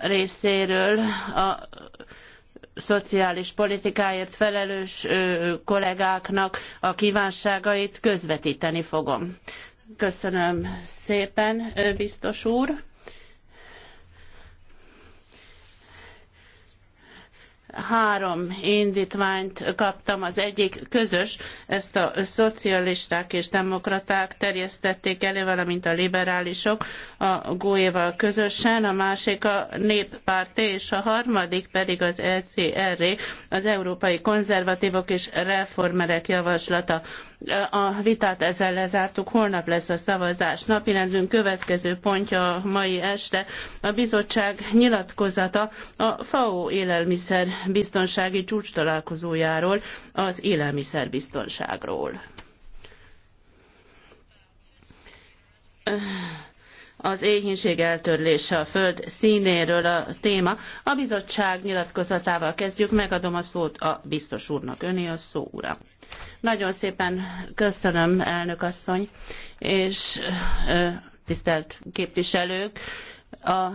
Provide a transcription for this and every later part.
részéről a szociális politikáért felelős kollégáknak a kívánságait közvetíteni fogom. Köszönöm szépen, biztos úr! három indítványt kaptam, az egyik közös, ezt a szocialisták és demokraták terjesztették elő, valamint a liberálisok a GUE-val közösen, a másik a néppárté, és a harmadik pedig az ECR, az Európai Konzervatívok és Reformerek javaslata. A vitát ezzel lezártuk, holnap lesz a szavazás. Napirendünk következő pontja a mai este a bizottság nyilatkozata a FAO élelmiszer biztonsági csúcs találkozójáról, az élelmiszerbiztonságról. az éhínség eltörlése a föld színéről a téma. A bizottság nyilatkozatával kezdjük, megadom a szót a biztos úrnak. Öné a szó, ura. Nagyon szépen köszönöm, elnök asszony, és tisztelt képviselők, a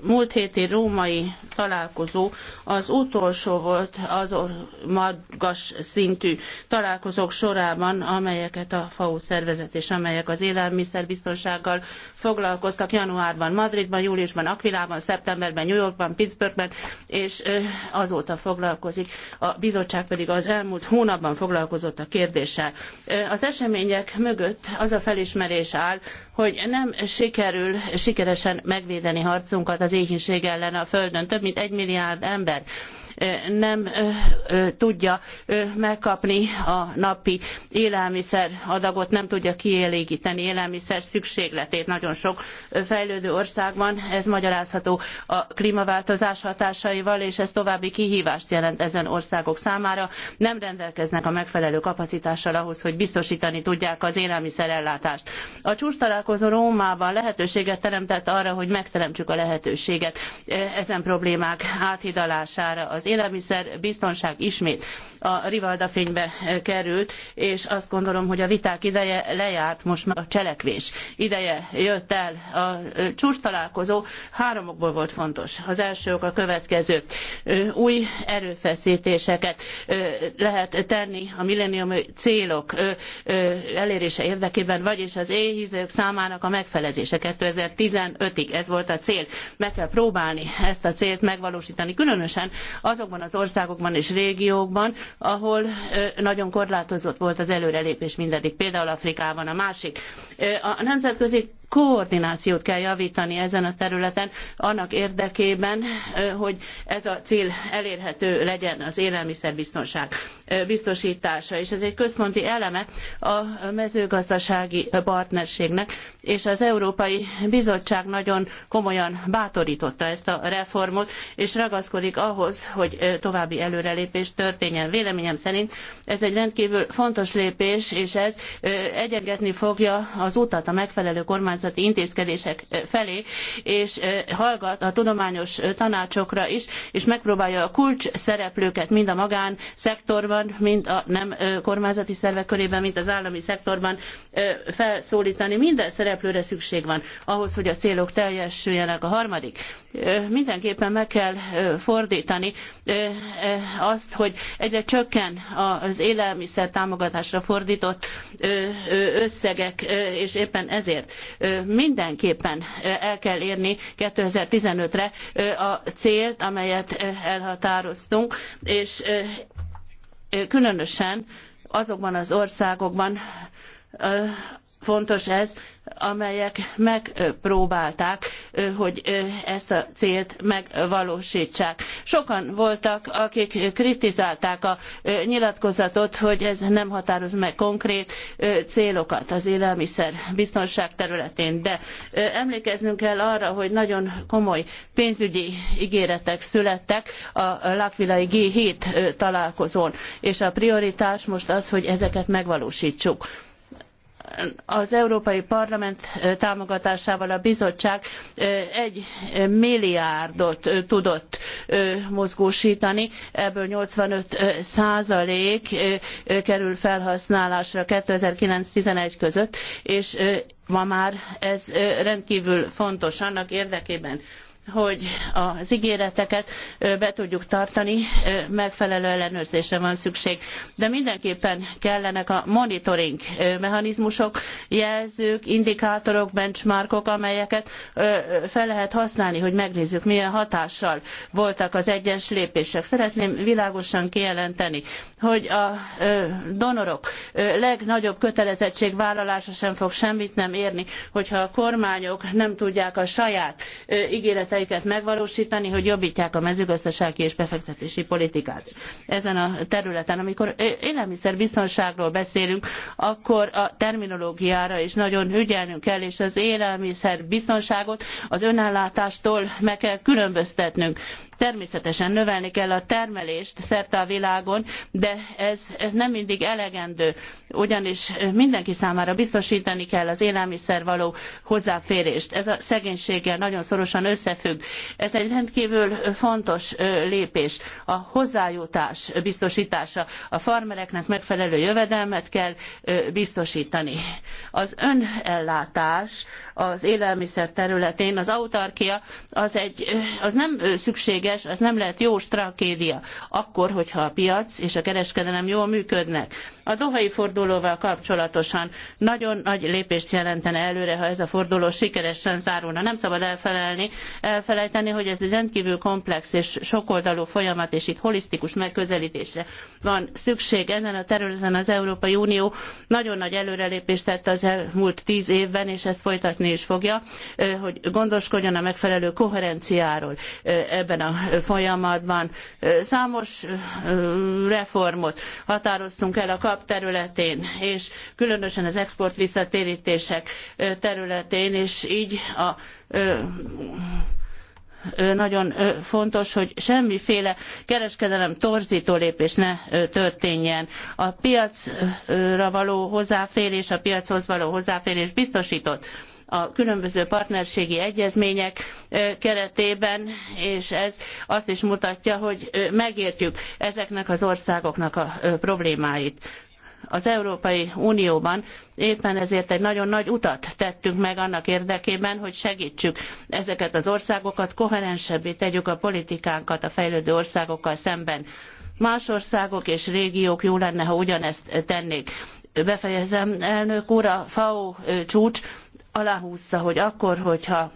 múlt héti római találkozó az utolsó volt az magas szintű találkozók sorában, amelyeket a FAO szervezet és amelyek az élelmiszerbiztonsággal foglalkoztak januárban Madridban, júliusban Aquilában, szeptemberben New Yorkban, Pittsburghben, és azóta foglalkozik. A bizottság pedig az elmúlt hónapban foglalkozott a kérdéssel. Az események mögött az a felismerés áll, hogy nem sikerül sikeresen megvédeni harcunkat az éhínség ellen a Földön. Több mint egy milliárd ember nem tudja megkapni a napi élelmiszer adagot, nem tudja kielégíteni élelmiszer szükségletét nagyon sok fejlődő országban. Ez magyarázható a klímaváltozás hatásaival, és ez további kihívást jelent ezen országok számára. Nem rendelkeznek a megfelelő kapacitással ahhoz, hogy biztosítani tudják az élelmiszerellátást. A csúcs találkozó Rómában lehetőséget teremtett arra, hogy megteremtsük a lehetőséget ezen problémák áthidalására az élelmiszer biztonság ismét a Rivalda fénybe eh, került, és azt gondolom, hogy a viták ideje lejárt, most már a cselekvés ideje jött el. A eh, csúcs találkozó háromokból volt fontos. Az első ok a következő. Eh, új erőfeszítéseket lehet tenni a milleniumi célok elérése érdekében, vagyis az éhízők számának a megfelezése 2015-ig. Ez volt a cél. Meg kell próbálni ezt a célt megvalósítani, különösen az azokban az országokban és régiókban, ahol nagyon korlátozott volt az előrelépés mindeddig, például Afrikában a másik. A nemzetközi koordinációt kell javítani ezen a területen annak érdekében, hogy ez a cél elérhető legyen az élelmiszerbiztonság biztosítása, és ez egy központi eleme a mezőgazdasági partnerségnek, és az Európai Bizottság nagyon komolyan bátorította ezt a reformot, és ragaszkodik ahhoz, hogy további előrelépés történjen. Véleményem szerint ez egy rendkívül fontos lépés, és ez egyengetni fogja az utat a megfelelő kormányzat kormányzati intézkedések felé, és hallgat a tudományos tanácsokra is, és megpróbálja a kulcs szereplőket mind a magán szektorban, mind a nem kormányzati szervek körében, mind az állami szektorban felszólítani. Minden szereplőre szükség van ahhoz, hogy a célok teljesüljenek. A harmadik, mindenképpen meg kell fordítani azt, hogy egyre csökken az élelmiszer támogatásra fordított összegek, és éppen ezért mindenképpen el kell érni 2015-re a célt, amelyet elhatároztunk, és különösen azokban az országokban, fontos ez, amelyek megpróbálták, hogy ezt a célt megvalósítsák. Sokan voltak, akik kritizálták a nyilatkozatot, hogy ez nem határoz meg konkrét célokat az élelmiszer biztonság területén, de emlékeznünk kell arra, hogy nagyon komoly pénzügyi ígéretek születtek a Lakvilai G7 találkozón, és a prioritás most az, hogy ezeket megvalósítsuk az Európai Parlament támogatásával a bizottság egy milliárdot tudott mozgósítani, ebből 85 százalék kerül felhasználásra 2009-11 között, és ma már ez rendkívül fontos annak érdekében, hogy az ígéreteket be tudjuk tartani, megfelelő ellenőrzésre van szükség. De mindenképpen kellenek a monitoring mechanizmusok, jelzők, indikátorok, benchmarkok, amelyeket fel lehet használni, hogy megnézzük, milyen hatással voltak az egyes lépések. Szeretném világosan kijelenteni, hogy a donorok legnagyobb kötelezettségvállalása sem fog semmit nem érni, hogyha a kormányok nem tudják a saját ígéretet érdekeiket megvalósítani, hogy jobbítják a mezőgazdasági és befektetési politikát ezen a területen. Amikor élelmiszerbiztonságról beszélünk, akkor a terminológiára is nagyon ügyelnünk kell, és az élelmiszerbiztonságot az önellátástól meg kell különböztetnünk. Természetesen növelni kell a termelést szerte a világon, de ez nem mindig elegendő, ugyanis mindenki számára biztosítani kell az élelmiszer való hozzáférést. Ez a szegénységgel nagyon szorosan összefügg. Ez egy rendkívül fontos lépés. A hozzájutás biztosítása. A farmereknek megfelelő jövedelmet kell biztosítani. Az önellátás az élelmiszer területén. Az autarkia az, egy, az nem szükséges, az nem lehet jó stratégia akkor, hogyha a piac és a kereskedelem jól működnek. A dohai fordulóval kapcsolatosan nagyon nagy lépést jelentene előre, ha ez a forduló sikeresen zárulna. Nem szabad elfelelni, elfelejteni, hogy ez egy rendkívül komplex és sokoldalú folyamat, és itt holisztikus megközelítésre van szükség ezen a területen az Európai Unió nagyon nagy előrelépést tett az elmúlt tíz évben, és ezt folytatni is fogja, hogy gondoskodjon a megfelelő koherenciáról ebben a folyamatban. Számos reformot határoztunk el a kap területén, és különösen az export visszatérítések területén, és így a nagyon fontos, hogy semmiféle kereskedelem torzító lépés ne történjen. A piacra való hozzáférés, a piachoz való hozzáférés biztosított a különböző partnerségi egyezmények keretében, és ez azt is mutatja, hogy megértjük ezeknek az országoknak a problémáit az Európai Unióban. Éppen ezért egy nagyon nagy utat tettünk meg annak érdekében, hogy segítsük ezeket az országokat, koherensebbé tegyük a politikánkat a fejlődő országokkal szemben. Más országok és régiók jó lenne, ha ugyanezt tennék. Befejezem, elnök úr, a FAO csúcs aláhúzta, hogy akkor, hogyha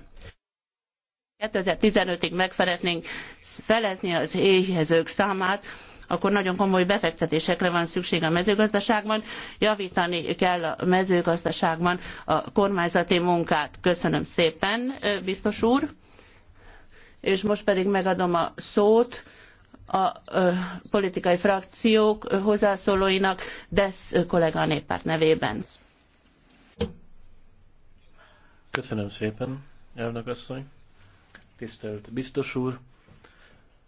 2015-ig meg szeretnénk felezni az éhezők számát, akkor nagyon komoly befektetésekre van szükség a mezőgazdaságban. Javítani kell a mezőgazdaságban a kormányzati munkát. Köszönöm szépen, biztos úr. És most pedig megadom a szót a politikai frakciók hozzászólóinak, Desz kollega a néppárt nevében. Köszönöm szépen, elnök asszony, tisztelt biztos úr,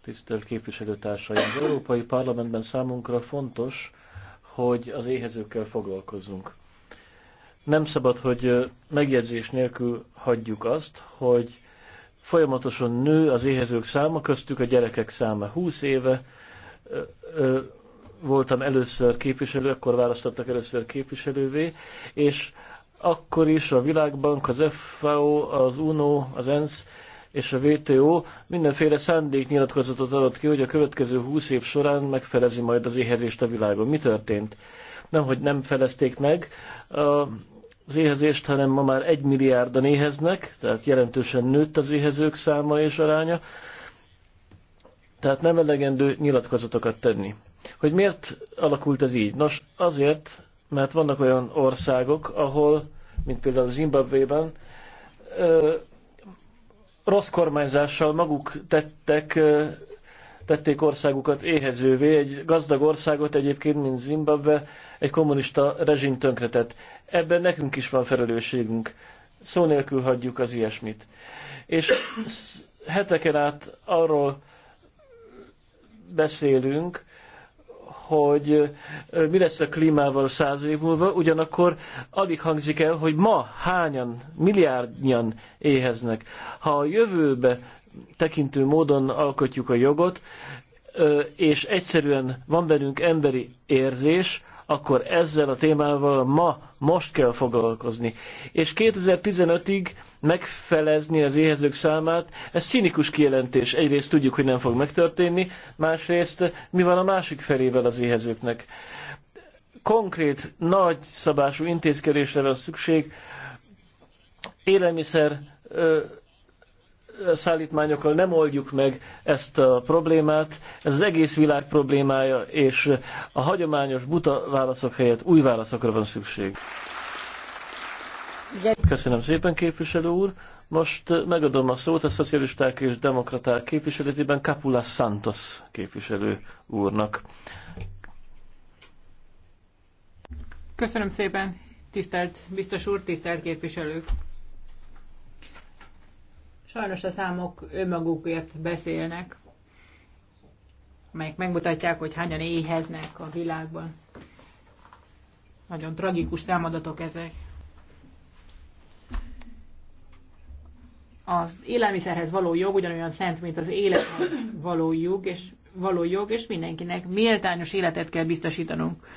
tisztelt képviselőtársaim! Az Európai Parlamentben számunkra fontos, hogy az éhezőkkel foglalkozzunk. Nem szabad, hogy megjegyzés nélkül hagyjuk azt, hogy folyamatosan nő az éhezők száma, köztük a gyerekek száma. 20 éve ö, ö, voltam először képviselő, akkor választottak először képviselővé, és akkor is a Világbank, az FAO, az UNO, az ENSZ és a WTO mindenféle szándéknyilatkozatot adott ki, hogy a következő 20 év során megfelezi majd az éhezést a világon. Mi történt? Nem, hogy nem felezték meg az éhezést, hanem ma már egy milliárdan éheznek, tehát jelentősen nőtt az éhezők száma és aránya. Tehát nem elegendő nyilatkozatokat tenni. Hogy miért alakult ez így? Nos, azért, mert vannak olyan országok, ahol, mint például Zimbabvében, rossz kormányzással maguk tettek, tették országukat éhezővé, egy gazdag országot egyébként, mint Zimbabwe, egy kommunista rezsim tönkretett. Ebben nekünk is van felelősségünk. Szó nélkül hagyjuk az ilyesmit. És heteken át arról beszélünk, hogy mi lesz a klímával száz év múlva, ugyanakkor alig hangzik el, hogy ma hányan, milliárdnyan éheznek. Ha a jövőbe tekintő módon alkotjuk a jogot, és egyszerűen van bennünk emberi érzés, akkor ezzel a témával ma, most kell foglalkozni. És 2015-ig megfelezni az éhezők számát, ez cinikus kijelentés. Egyrészt tudjuk, hogy nem fog megtörténni, másrészt mi van a másik felével az éhezőknek. Konkrét, nagy szabású intézkedésre van szükség, élelmiszer szállítmányokkal nem oldjuk meg ezt a problémát. Ez az egész világ problémája, és a hagyományos buta válaszok helyett új válaszokra van szükség. Köszönöm szépen, képviselő úr. Most megadom a szót a szocialisták és demokraták képviseletében Capula Santos képviselő úrnak. Köszönöm szépen, tisztelt biztos úr, tisztelt képviselők! Sajnos a számok önmagukért beszélnek, amelyek megmutatják, hogy hányan éheznek a világban. Nagyon tragikus számadatok ezek. Az élelmiszerhez való jog ugyanolyan szent, mint az élethez való jog, és való jog, és mindenkinek méltányos életet kell biztosítanunk.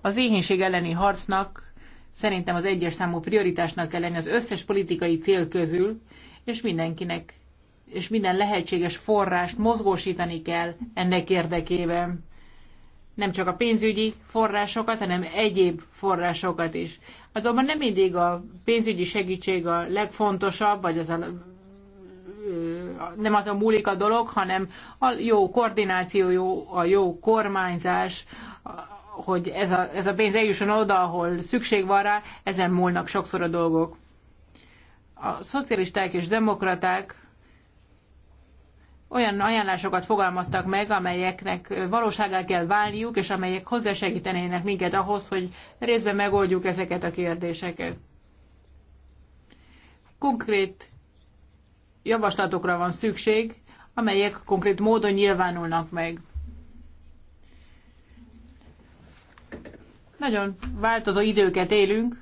Az éhénység elleni harcnak szerintem az egyes számú prioritásnak kell lenni az összes politikai cél közül, és mindenkinek, és minden lehetséges forrást mozgósítani kell ennek érdekében. Nem csak a pénzügyi forrásokat, hanem egyéb forrásokat is. Azonban nem mindig a pénzügyi segítség a legfontosabb, vagy az a nem a múlik a dolog, hanem a jó koordináció, jó, a jó kormányzás, hogy ez a, ez a pénz eljusson oda, ahol szükség van rá, ezen múlnak sokszor a dolgok a szocialisták és demokraták olyan ajánlásokat fogalmaztak meg, amelyeknek valóságá kell válniuk, és amelyek hozzásegítenének minket ahhoz, hogy részben megoldjuk ezeket a kérdéseket. Konkrét javaslatokra van szükség, amelyek konkrét módon nyilvánulnak meg. Nagyon változó időket élünk,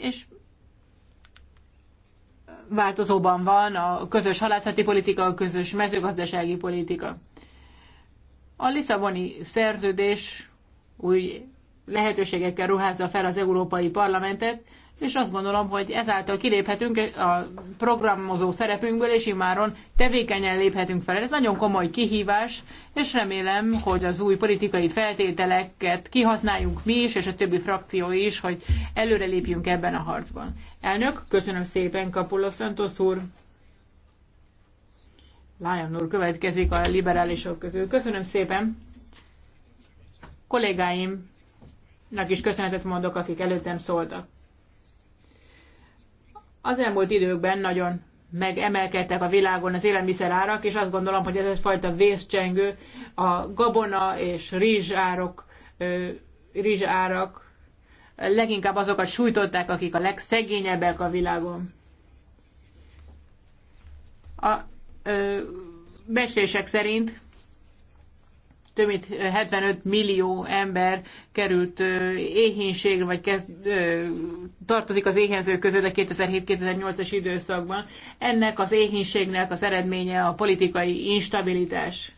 és változóban van a közös halászati politika, a közös mezőgazdasági politika. A Lisszaboni szerződés új lehetőségekkel ruházza fel az Európai Parlamentet, és azt gondolom, hogy ezáltal kiléphetünk a programozó szerepünkből, és imáron tevékenyen léphetünk fel. Ez nagyon komoly kihívás, és remélem, hogy az új politikai feltételeket kihasználjunk mi is, és a többi frakció is, hogy előre lépjünk ebben a harcban. Elnök, köszönöm szépen, Kapula Santos úr. Lion úr következik a liberálisok közül. Köszönöm szépen. Kollégáimnak is köszönetet mondok, akik előttem szóltak az elmúlt időkben nagyon megemelkedtek a világon az élelmiszer árak, és azt gondolom, hogy ez egyfajta vészcsengő a gabona és rizsárok, rizsárak leginkább azokat sújtották, akik a legszegényebbek a világon. A ö, beszések szerint több mint 75 millió ember került éhénységre, vagy kezd, tartozik az éhenzők között a 2007-2008-as időszakban. Ennek az éhénységnek az eredménye a politikai instabilitás.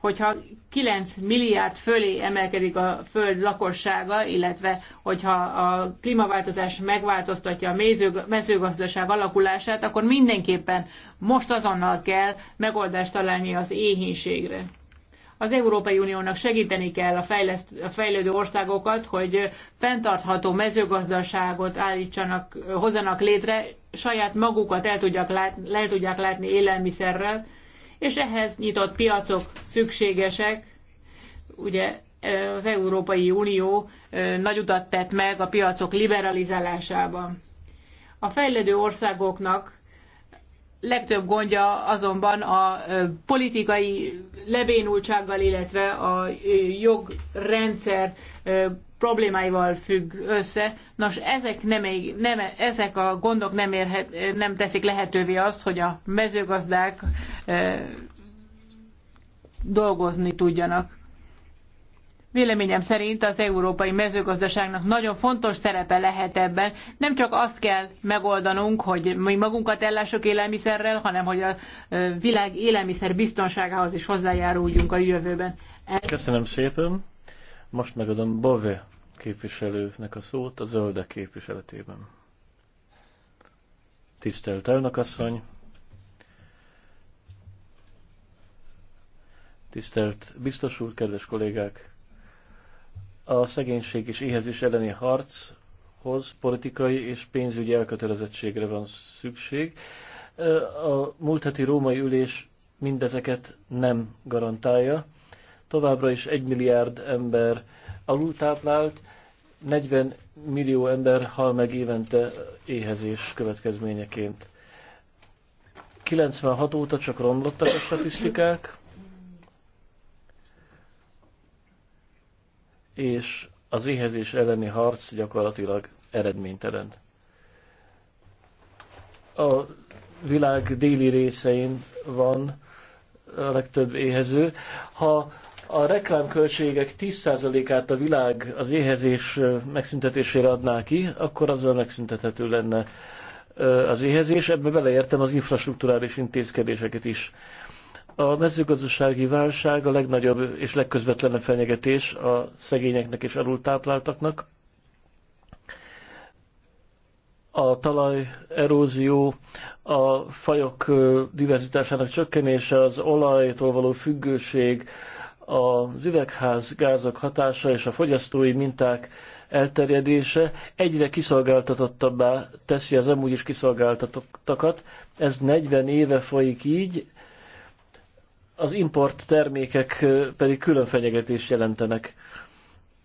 Hogyha 9 milliárd fölé emelkedik a föld lakossága, illetve hogyha a klímaváltozás megváltoztatja a mezőgazdaság alakulását, akkor mindenképpen most azonnal kell megoldást találni az éhénységre. Az Európai Uniónak segíteni kell a, fejleszt, a fejlődő országokat, hogy fenntartható mezőgazdaságot állítsanak, hozzanak létre, saját magukat el tudják, látni, el tudják látni élelmiszerrel, és ehhez nyitott piacok szükségesek. Ugye e, az Európai Unió e, nagy utat tett meg a piacok liberalizálásában. A fejlődő országoknak legtöbb gondja azonban a e, politikai lebénultsággal, illetve a jogrendszer problémáival függ össze. Nos, ezek, nem, nem, ezek a gondok nem, érhet, nem teszik lehetővé azt, hogy a mezőgazdák dolgozni tudjanak. Véleményem szerint az európai mezőgazdaságnak nagyon fontos szerepe lehet ebben. Nem csak azt kell megoldanunk, hogy mi magunkat ellássuk élelmiszerrel, hanem hogy a világ élelmiszer biztonságához is hozzájáruljunk a jövőben. Köszönöm szépen. Most megadom Bove képviselőnek a szót a zöldek képviseletében. Tisztelt elnökasszony! Tisztelt biztos úr, kedves kollégák! a szegénység és éhezés elleni harchoz politikai és pénzügyi elkötelezettségre van szükség. A múlt heti római ülés mindezeket nem garantálja. Továbbra is egy milliárd ember alultáplált, 40 millió ember hal meg évente éhezés következményeként. 96 óta csak romlottak a statisztikák, és az éhezés elleni harc gyakorlatilag eredménytelen. A világ déli részein van a legtöbb éhező. Ha a reklámköltségek 10%-át a világ az éhezés megszüntetésére adná ki, akkor azzal megszüntethető lenne az éhezés. Ebbe beleértem az infrastruktúrális intézkedéseket is. A mezőgazdasági válság a legnagyobb és legközvetlenebb fenyegetés a szegényeknek és alultápláltaknak. A talaj erózió, a fajok diverzitásának csökkenése, az olajtól való függőség, az üvegház gázok hatása és a fogyasztói minták elterjedése egyre kiszolgáltatottabbá teszi az amúgy is kiszolgáltatottakat. Ez 40 éve folyik így, az import termékek pedig külön fenyegetést jelentenek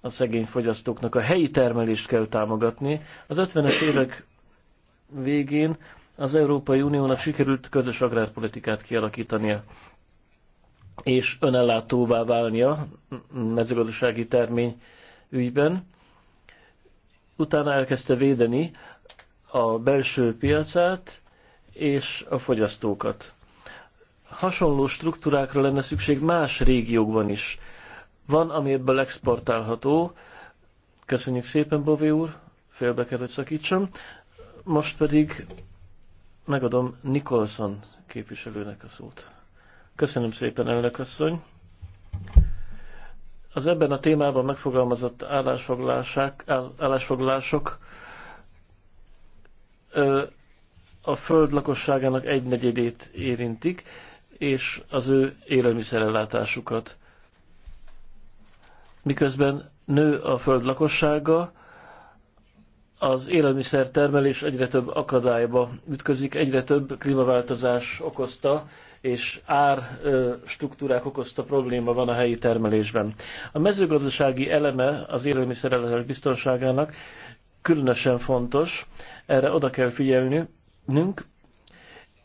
a szegény fogyasztóknak. A helyi termelést kell támogatni. Az 50-es évek végén az Európai Uniónak sikerült közös agrárpolitikát kialakítania és önellátóvá válnia mezőgazdasági termény ügyben. Utána elkezdte védeni a belső piacát és a fogyasztókat hasonló struktúrákra lenne szükség más régiókban is. Van, ami ebből exportálható. Köszönjük szépen, Bové úr, félbe kell, hogy szakítsam. Most pedig megadom Nikolson képviselőnek a szót. Köszönöm szépen, elnök asszony. Az ebben a témában megfogalmazott állásfoglalások, állásfoglalások a föld lakosságának egynegyedét érintik és az ő élelmiszerellátásukat. Miközben nő a föld lakossága, az élelmiszer termelés egyre több akadályba ütközik, egyre több klímaváltozás okozta és ár struktúrák okozta probléma van a helyi termelésben. A mezőgazdasági eleme az élelmiszerellátás biztonságának különösen fontos, erre oda kell figyelnünk,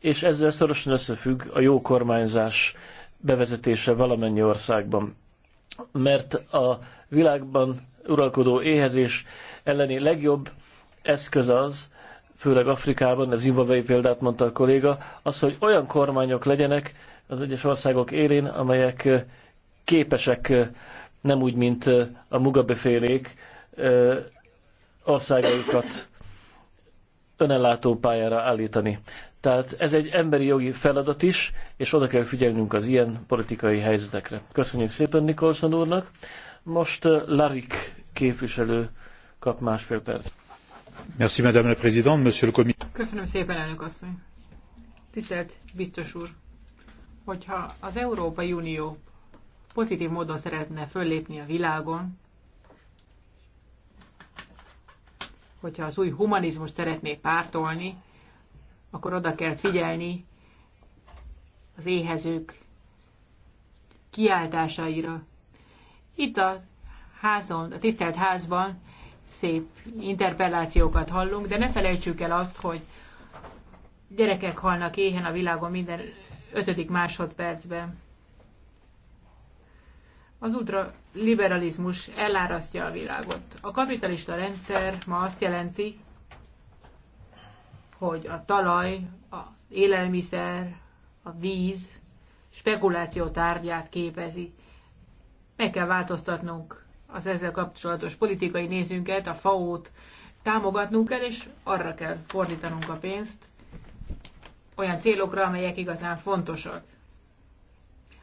és ezzel szorosan összefügg a jó kormányzás bevezetése valamennyi országban. Mert a világban uralkodó éhezés elleni legjobb eszköz az, főleg Afrikában, ez zimbabwei példát mondta a kolléga, az, hogy olyan kormányok legyenek az egyes országok élén, amelyek képesek nem úgy, mint a Mugabe félék országaikat önellátó pályára állítani. Tehát ez egy emberi jogi feladat is, és oda kell figyelnünk az ilyen politikai helyzetekre. Köszönjük szépen Nikolson úrnak. Most uh, Larik képviselő kap másfél perc. Merci, Madame la Présidente, Monsieur le Comité. Köszönöm szépen, elnök asszony. Tisztelt biztos úr, hogyha az Európai Unió pozitív módon szeretne föllépni a világon, hogyha az új humanizmus szeretné pártolni, akkor oda kell figyelni az éhezők kiáltásaira. Itt a házon, a tisztelt házban szép interpellációkat hallunk, de ne felejtsük el azt, hogy gyerekek halnak éhen a világon minden ötödik másodpercben. Az ultraliberalizmus elárasztja a világot. A kapitalista rendszer ma azt jelenti, hogy a talaj, az élelmiszer, a víz spekuláció tárgyát képezi. Meg kell változtatnunk az ezzel kapcsolatos politikai nézünket, a FAO-t támogatnunk kell, és arra kell fordítanunk a pénzt, olyan célokra, amelyek igazán fontosak.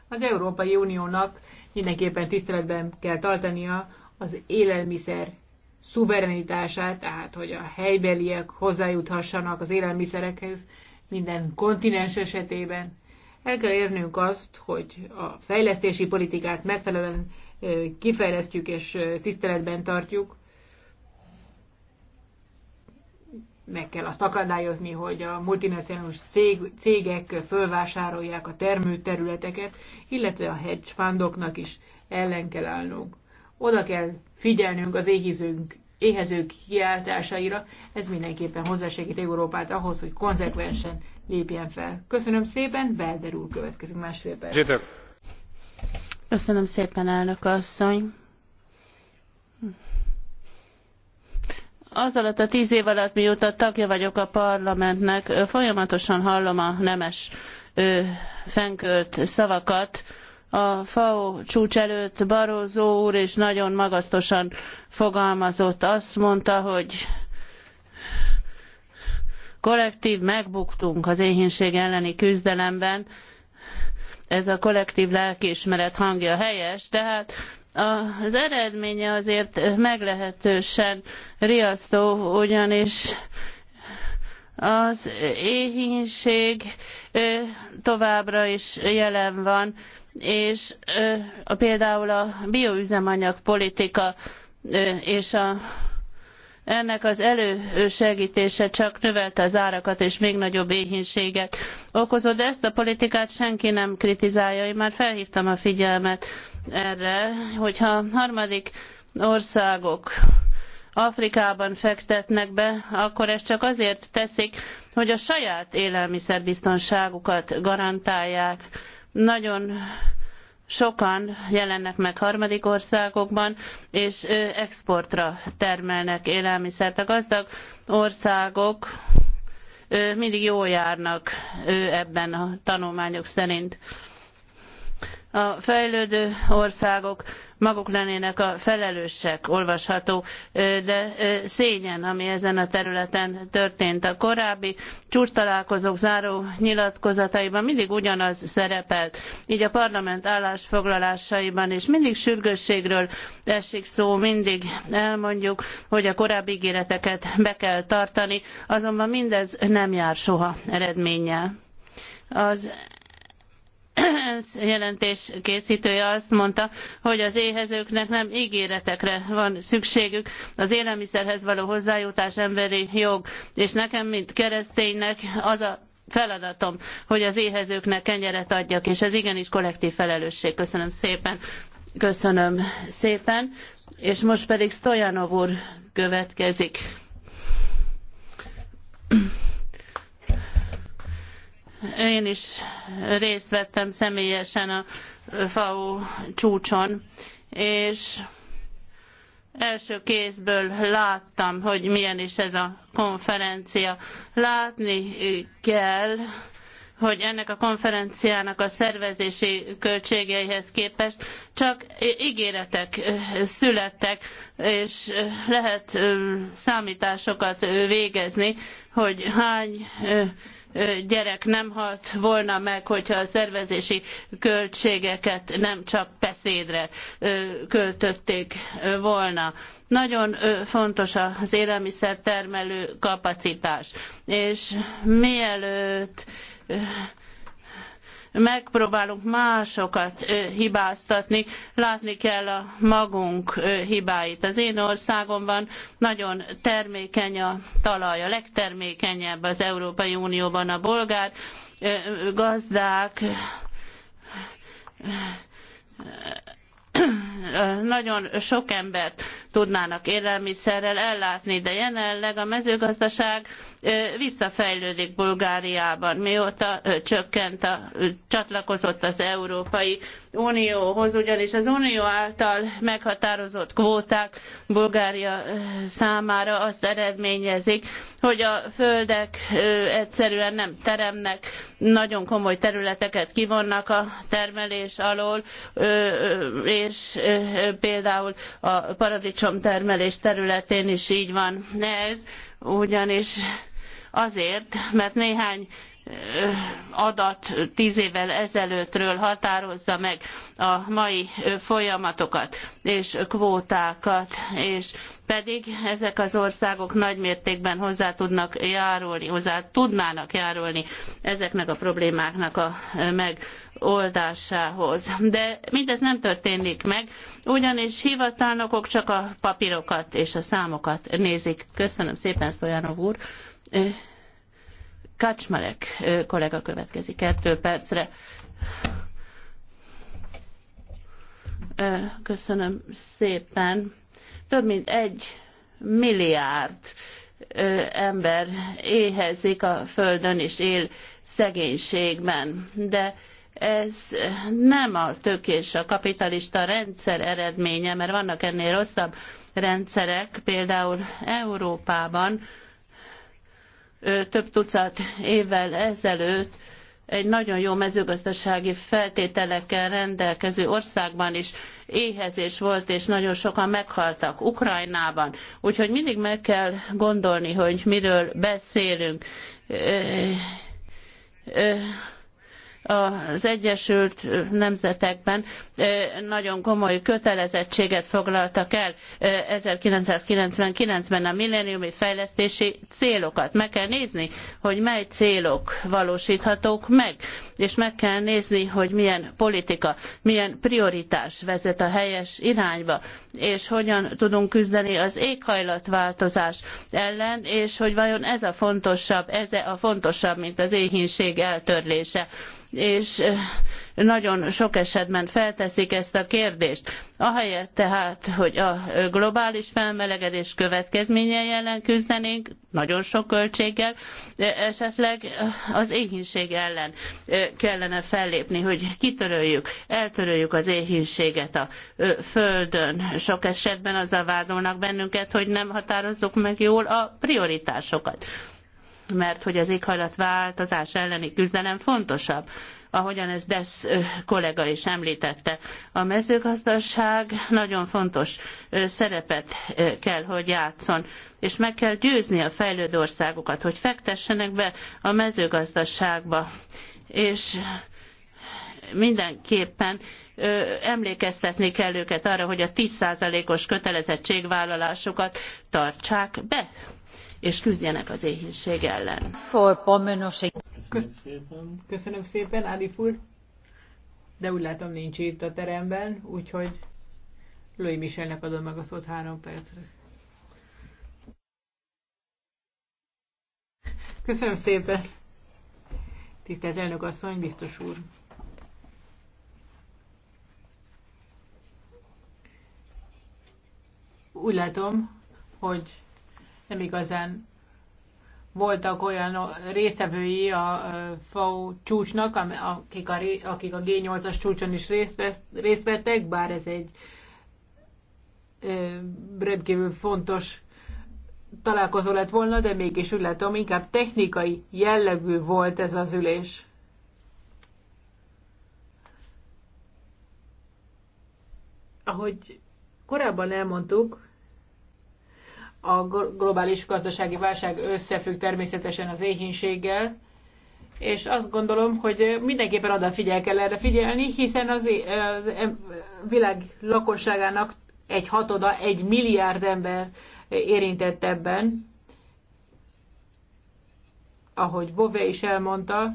Az Európai Uniónak mindenképpen tiszteletben kell tartania az élelmiszer szuverenitását, tehát hogy a helybeliek hozzájuthassanak az élelmiszerekhez minden kontinens esetében. El kell érnünk azt, hogy a fejlesztési politikát megfelelően kifejlesztjük és tiszteletben tartjuk. Meg kell azt akadályozni, hogy a multinacionális cég, cégek fölvásárolják a termőterületeket, illetve a hedge fundoknak is ellen kell állnunk. Oda kell figyelnünk az éhizőnk, éhezők kiáltásaira, ez mindenképpen hozzásegít Európát ahhoz, hogy konzekvensen lépjen fel. Köszönöm szépen, Belder úr következik másfél perc. Köszönöm szépen, elnök asszony. az alatt a tíz év alatt, mióta tagja vagyok a parlamentnek, folyamatosan hallom a nemes ö, fenkölt szavakat, a FAO csúcs előtt Barroso úr és nagyon magasztosan fogalmazott. Azt mondta, hogy kollektív megbuktunk az éhínség elleni küzdelemben. Ez a kollektív lelkiismeret hangja helyes, de hát az eredménye azért meglehetősen riasztó, ugyanis az éhínség továbbra is jelen van, és a, például a bioüzemanyag politika és a ennek az elősegítése csak növelte az árakat és még nagyobb éhínséget okozott, de ezt a politikát senki nem kritizálja. Én már felhívtam a figyelmet erre, hogyha harmadik országok Afrikában fektetnek be, akkor ezt csak azért teszik, hogy a saját élelmiszerbiztonságukat garantálják. Nagyon sokan jelennek meg harmadik országokban, és exportra termelnek élelmiszert. A gazdag országok mindig jól járnak ebben a tanulmányok szerint. A fejlődő országok maguk lennének a felelősek, olvasható, de szégyen, ami ezen a területen történt. A korábbi csúcstalálkozók záró nyilatkozataiban mindig ugyanaz szerepelt, így a parlament állásfoglalásaiban is mindig sürgősségről esik szó, mindig elmondjuk, hogy a korábbi ígéreteket be kell tartani, azonban mindez nem jár soha eredménnyel. Az jelentés készítője azt mondta, hogy az éhezőknek nem ígéretekre van szükségük, az élelmiszerhez való hozzájutás emberi jog, és nekem, mint kereszténynek az a feladatom, hogy az éhezőknek kenyeret adjak, és ez igenis kollektív felelősség. Köszönöm szépen. Köszönöm szépen. És most pedig Stojanov úr következik. Én is részt vettem személyesen a FAO csúcson, és első kézből láttam, hogy milyen is ez a konferencia. Látni kell, hogy ennek a konferenciának a szervezési költségeihez képest csak ígéretek születtek, és lehet számításokat végezni, hogy hány gyerek nem halt volna meg, hogyha a szervezési költségeket nem csak beszédre költötték volna. Nagyon fontos az termelő kapacitás, és mielőtt megpróbálunk másokat hibáztatni, látni kell a magunk hibáit. Az én országomban nagyon termékeny a talaj, a legtermékenyebb az Európai Unióban a bolgár gazdák nagyon sok embert tudnának élelmiszerrel ellátni, de jelenleg a mezőgazdaság visszafejlődik Bulgáriában, mióta csökkent a, csatlakozott az Európai Unióhoz, ugyanis az Unió által meghatározott kvóták Bulgária számára azt eredményezik, hogy a földek egyszerűen nem teremnek, nagyon komoly területeket kivonnak a termelés alól, és és például a paradicsomtermelés területén is így van ez, ugyanis azért, mert néhány adat tíz évvel ezelőttről határozza meg a mai folyamatokat és kvótákat, és pedig ezek az országok nagy mértékben hozzá tudnak járulni, hozzá tudnának járulni ezeknek a problémáknak a megoldásához. De mindez nem történik meg, ugyanis hivatalnokok csak a papírokat és a számokat nézik. Köszönöm szépen, Stojanov úr. Kacsmelek kollega következik kettő percre. Köszönöm szépen. Több mint egy milliárd ember éhezik a földön és él szegénységben. De ez nem a tökés a kapitalista rendszer eredménye, mert vannak ennél rosszabb rendszerek, például Európában, több tucat évvel ezelőtt egy nagyon jó mezőgazdasági feltételekkel rendelkező országban is éhezés volt, és nagyon sokan meghaltak Ukrajnában. Úgyhogy mindig meg kell gondolni, hogy miről beszélünk. Ö, ö, az Egyesült Nemzetekben nagyon komoly kötelezettséget foglaltak el 1999-ben a milleniumi fejlesztési célokat. Meg kell nézni, hogy mely célok valósíthatók meg, és meg kell nézni, hogy milyen politika, milyen prioritás vezet a helyes irányba, és hogyan tudunk küzdeni az éghajlatváltozás ellen, és hogy vajon ez a fontosabb, ez a fontosabb, mint az éhínség eltörlése és eh, nagyon sok esetben felteszik ezt a kérdést. Ahelyett tehát, hogy a eh, globális felmelegedés következményei ellen küzdenénk, nagyon sok költséggel, eh, esetleg az éhínség ellen kellene fellépni, hogy kitöröljük, eltöröljük az éhínséget a földön. Sok esetben azzal vádolnak bennünket, hogy nem határozzuk meg jól a prioritásokat mert hogy az éghajlatváltozás elleni küzdelem fontosabb ahogyan ezt Dess kollega is említette. A mezőgazdaság nagyon fontos szerepet kell, hogy játszon, és meg kell győzni a fejlődő országokat, hogy fektessenek be a mezőgazdaságba. És mindenképpen ö, emlékeztetni kell őket arra, hogy a 10%-os kötelezettségvállalásukat tartsák be és küzdjenek az éhínség ellen. Köszönöm, Köszönöm szépen, Ádi úr. De úgy látom, nincs itt a teremben, úgyhogy Lői Michelnek adom meg a szót három percre. Köszönöm szépen. Tisztelt elnök asszony, biztos úr. Úgy látom, hogy nem igazán voltak olyan részevői a FAO csúcsnak, akik a, akik a G8-as csúcson is részt, vesz, részt vettek, bár ez egy rendkívül fontos találkozó lett volna, de mégis úgy látom, inkább technikai jellegű volt ez az ülés. Ahogy korábban elmondtuk, a globális gazdasági válság összefügg természetesen az éhínséggel, és azt gondolom, hogy mindenképpen odafigyel kell erre figyelni, hiszen az, az világ lakosságának egy hatoda, egy milliárd ember érintett ebben. Ahogy Bové is elmondta,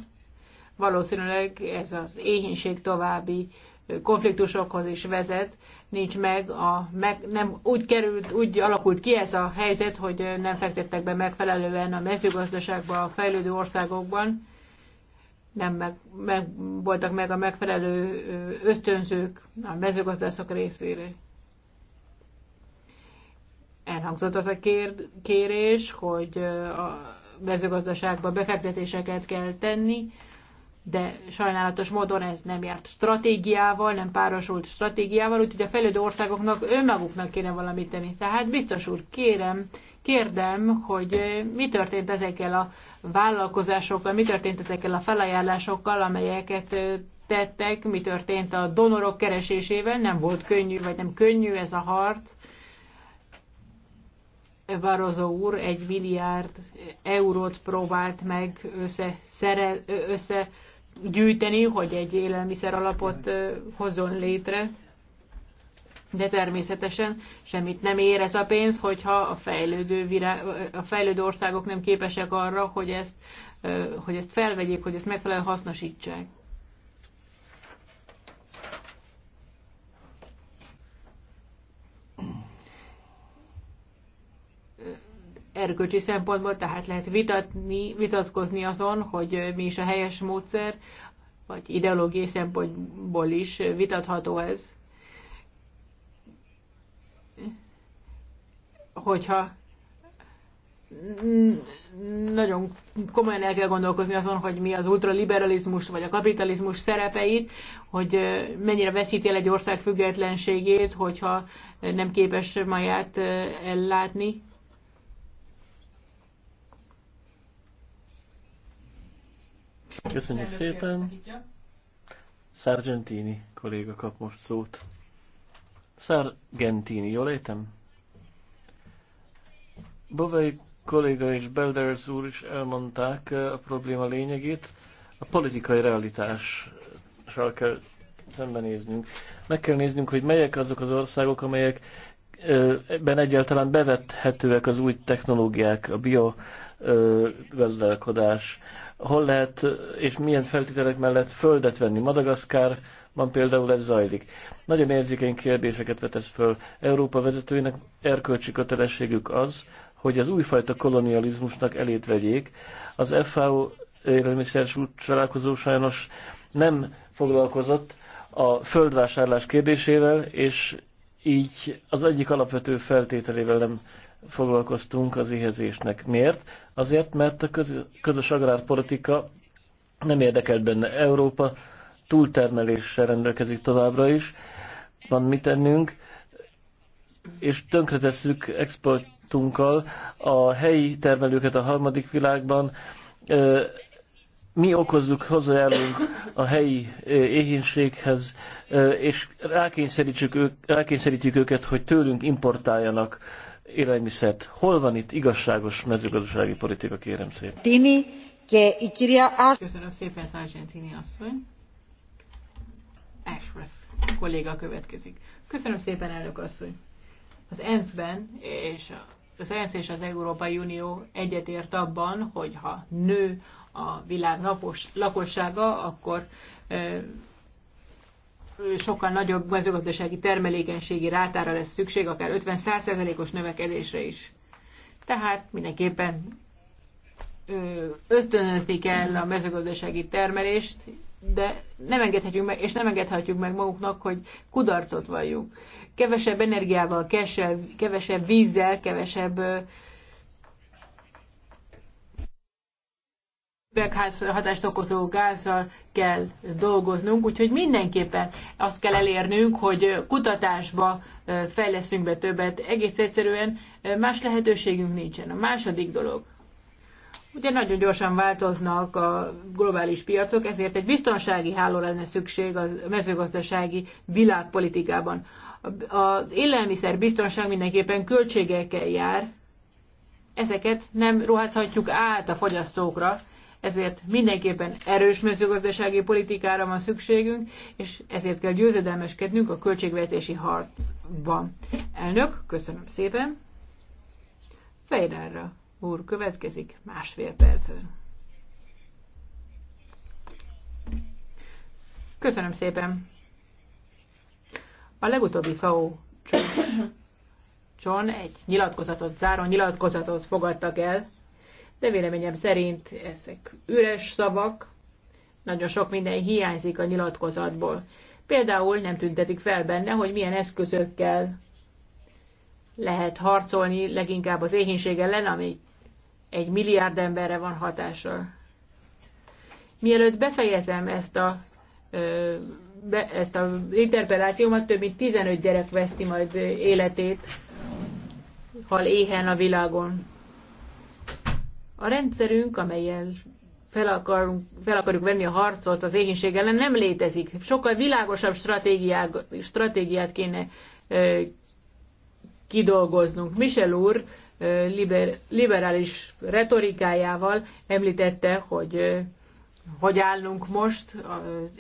valószínűleg ez az éhínség további konfliktusokhoz is vezet nincs meg, a, meg nem, úgy került, úgy alakult ki ez a helyzet, hogy nem fektettek be megfelelően a mezőgazdaságba, a fejlődő országokban, nem meg, meg, voltak meg a megfelelő ösztönzők a mezőgazdászok részére. Elhangzott az a kér, kérés, hogy a mezőgazdaságba befektetéseket kell tenni, de sajnálatos módon ez nem járt stratégiával, nem párosult stratégiával, úgyhogy a fejlődő országoknak önmaguknak kéne valamit tenni. Tehát biztos úr, kérem, kérdem, hogy mi történt ezekkel a vállalkozásokkal, mi történt ezekkel a felajánlásokkal, amelyeket tettek, mi történt a donorok keresésével, nem volt könnyű, vagy nem könnyű ez a harc. Varozó úr egy milliárd eurót próbált meg szere, össze gyűjteni, hogy egy élelmiszer alapot hozzon létre, de természetesen semmit nem ér ez a pénz, hogyha a fejlődő, virá... a fejlődő országok nem képesek arra, hogy ezt, hogy ezt felvegyék, hogy ezt megfelelően hasznosítsák. erkölcsi szempontból, tehát lehet vitatni, vitatkozni azon, hogy mi is a helyes módszer, vagy ideológiai szempontból is vitatható ez. Hogyha nagyon komolyan el kell gondolkozni azon, hogy mi az ultraliberalizmus vagy a kapitalizmus szerepeit, hogy mennyire veszíti el egy ország függetlenségét, hogyha nem képes maját ellátni. Köszönjük szépen. Sargentini kolléga kap most szót. Sargentini, jól értem? Bovei kolléga és Belders úr is elmondták eh, a probléma lényegét. A politikai realitással kell szembenéznünk. Meg kell néznünk, hogy melyek azok az országok, amelyek eh, ebben egyáltalán bevethetőek az új technológiák, a biogazdálkodás, eh, hol lehet és milyen feltételek mellett földet venni. Madagaszkárban például ez zajlik. Nagyon érzékeny kérdéseket vetesz föl. Európa vezetőinek erkölcsi kötelességük az, hogy az újfajta kolonializmusnak elét vegyék. Az FAO élelmiszer találkozó sajnos nem foglalkozott a földvásárlás kérdésével, és így az egyik alapvető feltételével nem foglalkoztunk az éhezésnek. Miért? Azért, mert a közös agrárpolitika nem érdekelt benne. Európa túltermeléssel rendelkezik továbbra is, van mit tennünk, és tönkretesszük exportunkkal a helyi termelőket a harmadik világban, mi okozzuk, hozzájárulunk a helyi éhénységhez, és rákényszerítjük, ők, rákényszerítjük őket, hogy tőlünk importáljanak élelmiszert. Hol van itt igazságos mezőgazdasági politika, kérem szépen? Tini, Köszönöm szépen, Sargentini asszony. Ashworth kolléga következik. Köszönöm szépen, elnök asszony. Az ENSZ-ben és az ENSZ és az Európai Unió egyetért abban, hogyha nő a világ napos, lakossága, akkor sokkal nagyobb mezőgazdasági termelékenységi rátára lesz szükség, akár 50-100%-os növekedésre is. Tehát mindenképpen ösztönözni kell a mezőgazdasági termelést, de nem engedhetjük meg, és nem engedhetjük meg magunknak, hogy kudarcot valljuk. Kevesebb energiával, kevesebb, kevesebb vízzel, kevesebb üvegházhatást okozó gázzal kell dolgoznunk, úgyhogy mindenképpen azt kell elérnünk, hogy kutatásba fejleszünk be többet. Egész egyszerűen más lehetőségünk nincsen. A második dolog, Ugye nagyon gyorsan változnak a globális piacok, ezért egy biztonsági háló lenne szükség a mezőgazdasági világpolitikában. Az élelmiszer biztonság mindenképpen költségekkel jár, ezeket nem ruházhatjuk át a fogyasztókra, ezért mindenképpen erős mezőgazdasági politikára van szükségünk, és ezért kell győzedelmeskednünk a költségvetési harcban. Elnök, köszönöm szépen. Fejdárra úr következik másfél percre. Köszönöm szépen. A legutóbbi FAO csúcson egy nyilatkozatot, záró nyilatkozatot fogadtak el, de véleményem szerint ezek üres szavak, nagyon sok minden hiányzik a nyilatkozatból. Például nem tüntetik fel benne, hogy milyen eszközökkel lehet harcolni leginkább az éhénység ellen, ami egy milliárd emberre van hatással. Mielőtt befejezem ezt a ö, be, ezt az interpellációmat, több mint 15 gyerek veszti majd életét, hal éhen a világon. A rendszerünk, amelyel fel, akarunk, fel akarjuk venni a harcot az éhénység ellen, nem létezik. Sokkal világosabb stratégiát, stratégiát kéne ö, kidolgoznunk. Michel úr ö, liber, liberális retorikájával említette, hogy ö, hogy állunk most,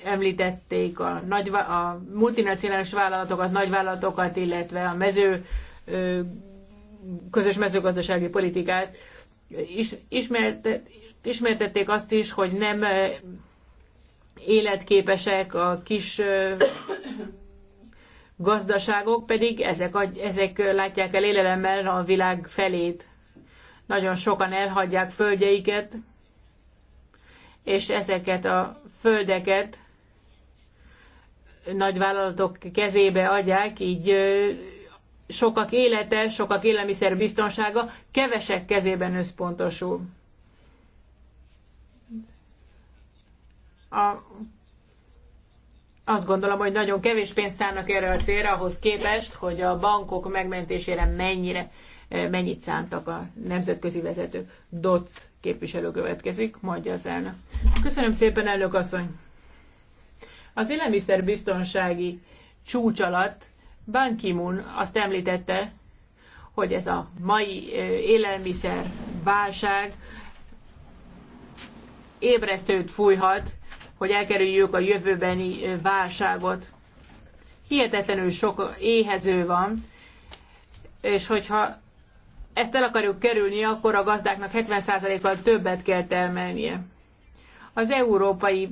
említették a, nagy, a multinacionális vállalatokat, nagyvállalatokat, illetve a mező, közös mezőgazdasági politikát is, ismertet, ismertették azt is, hogy nem életképesek a kis gazdaságok, pedig ezek, ezek látják el élelemmel a világ felét. Nagyon sokan elhagyják földjeiket, és ezeket a földeket nagyvállalatok kezébe adják, így sokak élete, sokak élelmiszer biztonsága kevesek kezében összpontosul. A, azt gondolom, hogy nagyon kevés pénzt szállnak erre a célra ahhoz képest, hogy a bankok megmentésére mennyire, eh, mennyit szántak a nemzetközi vezetők. Doc képviselő következik, mondja az elnök. Köszönöm szépen, elnök asszony! Az élelmiszerbiztonsági csúcs alatt Ban Ki-moon azt említette, hogy ez a mai élelmiszer válság ébresztőt fújhat, hogy elkerüljük a jövőbeni válságot. Hihetetlenül sok éhező van, és hogyha ezt el akarjuk kerülni, akkor a gazdáknak 70%-kal többet kell termelnie. Az Európai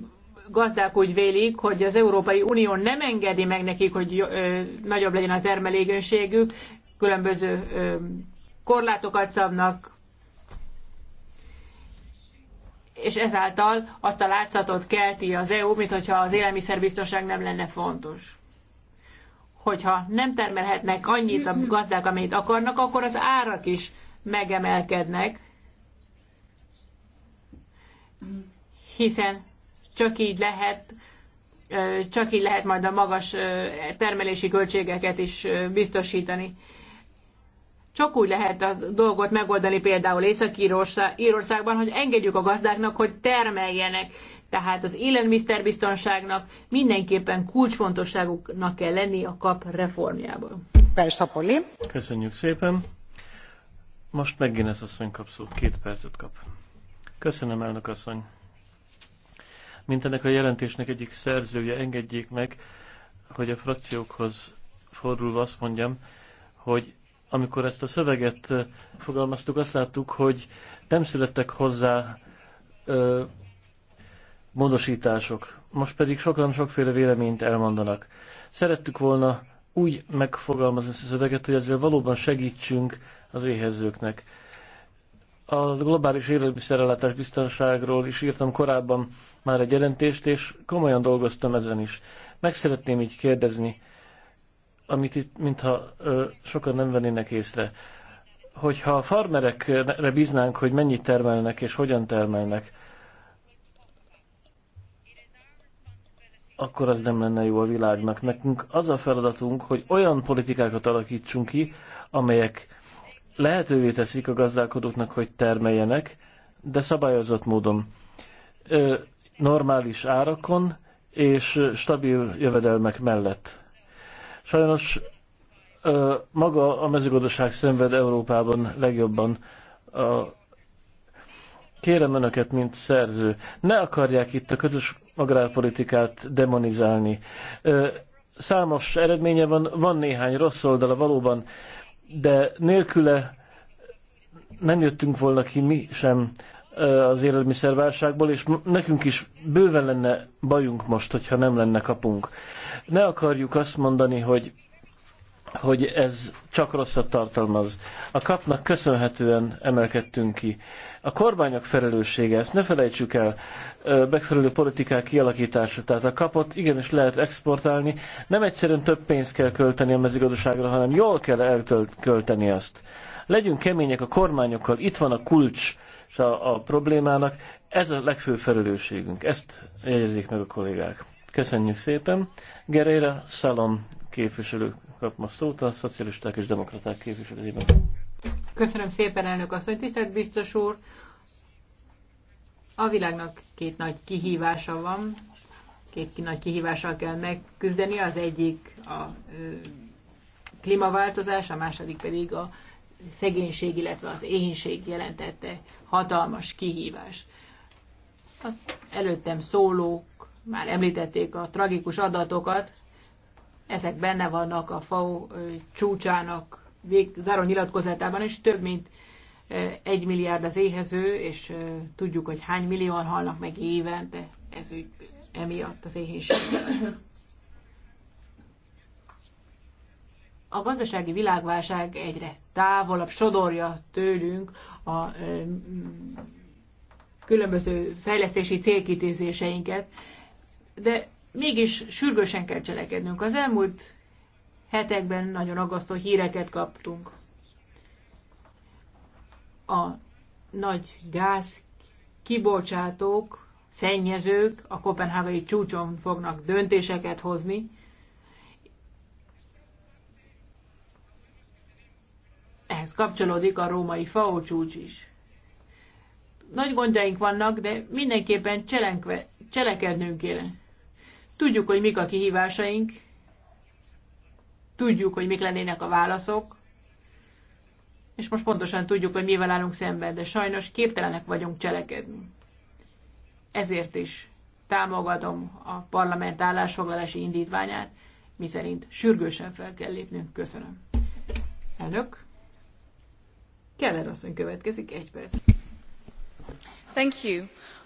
gazdák úgy vélik, hogy az Európai Unió nem engedi meg nekik, hogy nagyobb legyen a termelékenységük, különböző korlátokat szabnak, és ezáltal azt a látszatot kelti az EU, mintha az élelmiszerbiztonság nem lenne fontos. Hogyha nem termelhetnek annyit a gazdák, amit akarnak, akkor az árak is megemelkednek, hiszen csak így lehet csak így lehet majd a magas termelési költségeket is biztosítani. Csak úgy lehet a dolgot megoldani például Észak-Írországban, hogy engedjük a gazdáknak, hogy termeljenek. Tehát az élelmiszerbiztonságnak mindenképpen kulcsfontosságuknak kell lenni a kap reformjában. Köszönjük szépen. Most megint ez asszony kapszó. két percet kap. Köszönöm, elnök asszony. Mint ennek a jelentésnek egyik szerzője, engedjék meg, hogy a frakciókhoz fordulva azt mondjam, hogy amikor ezt a szöveget fogalmaztuk, azt láttuk, hogy nem születtek hozzá ö, módosítások. Most pedig sokan sokféle véleményt elmondanak. Szerettük volna úgy megfogalmazni ezt a szöveget, hogy ezzel valóban segítsünk az éhezőknek a globális élelmiszerellátás biztonságról is írtam korábban már egy jelentést, és komolyan dolgoztam ezen is. Meg szeretném így kérdezni, amit itt mintha ö, sokan nem vennének észre, hogyha a farmerekre bíznánk, hogy mennyit termelnek és hogyan termelnek, akkor az nem lenne jó a világnak. Nekünk az a feladatunk, hogy olyan politikákat alakítsunk ki, amelyek lehetővé teszik a gazdálkodóknak, hogy termeljenek, de szabályozott módon normális árakon és stabil jövedelmek mellett. Sajnos maga a mezőgazdaság szenved Európában legjobban. A, kérem önöket, mint szerző, ne akarják itt a közös agrárpolitikát demonizálni. Számos eredménye van, van néhány rossz oldala valóban de nélküle nem jöttünk volna ki mi sem az élelmiszerválságból, és nekünk is bőven lenne bajunk most, hogyha nem lenne kapunk. Ne akarjuk azt mondani, hogy, hogy ez csak rosszat tartalmaz. A kapnak köszönhetően emelkedtünk ki. A kormányok felelőssége, ezt ne felejtsük el, megfelelő politikák kialakítása. Tehát a kapot igenis lehet exportálni, nem egyszerűen több pénzt kell költeni a mezőgazdaságra, hanem jól kell elkölteni azt. Legyünk kemények a kormányokkal, itt van a kulcs a, a problémának, ez a legfőbb felelősségünk. Ezt jegyezik meg a kollégák. Köszönjük szépen. Gerére Szalon képviselő kap most szót, a szocialisták és demokraták képviselőjében. Köszönöm szépen, elnök asszony. Tisztelt biztos úr, a világnak két nagy kihívása van, két nagy kihívással kell megküzdeni, az egyik a klímaváltozás, a második pedig a szegénység, illetve az éhénység jelentette hatalmas kihívás. Az előttem szólók már említették a tragikus adatokat, ezek benne vannak a FAO csúcsának záró nyilatkozatában is több mint e, egy milliárd az éhező, és e, tudjuk, hogy hány millióan halnak meg évente ez ügy, emiatt az éhénység A gazdasági világválság egyre távolabb sodorja tőlünk a e, különböző fejlesztési célkitűzéseinket, de mégis sürgősen kell cselekednünk. Az elmúlt hetekben nagyon aggasztó híreket kaptunk. A nagy gáz kibocsátók, szennyezők a kopenhágai csúcson fognak döntéseket hozni. Ehhez kapcsolódik a római FAO csúcs is. Nagy gondjaink vannak, de mindenképpen cselekednünk kéne. Tudjuk, hogy mik a kihívásaink, tudjuk, hogy mik lennének a válaszok, és most pontosan tudjuk, hogy mivel állunk szemben, de sajnos képtelenek vagyunk cselekedni. Ezért is támogatom a parlament állásfoglalási indítványát, miszerint sürgősen fel kell lépnünk. Köszönöm. Elnök. Keller asszony következik, egy perc. Thank you.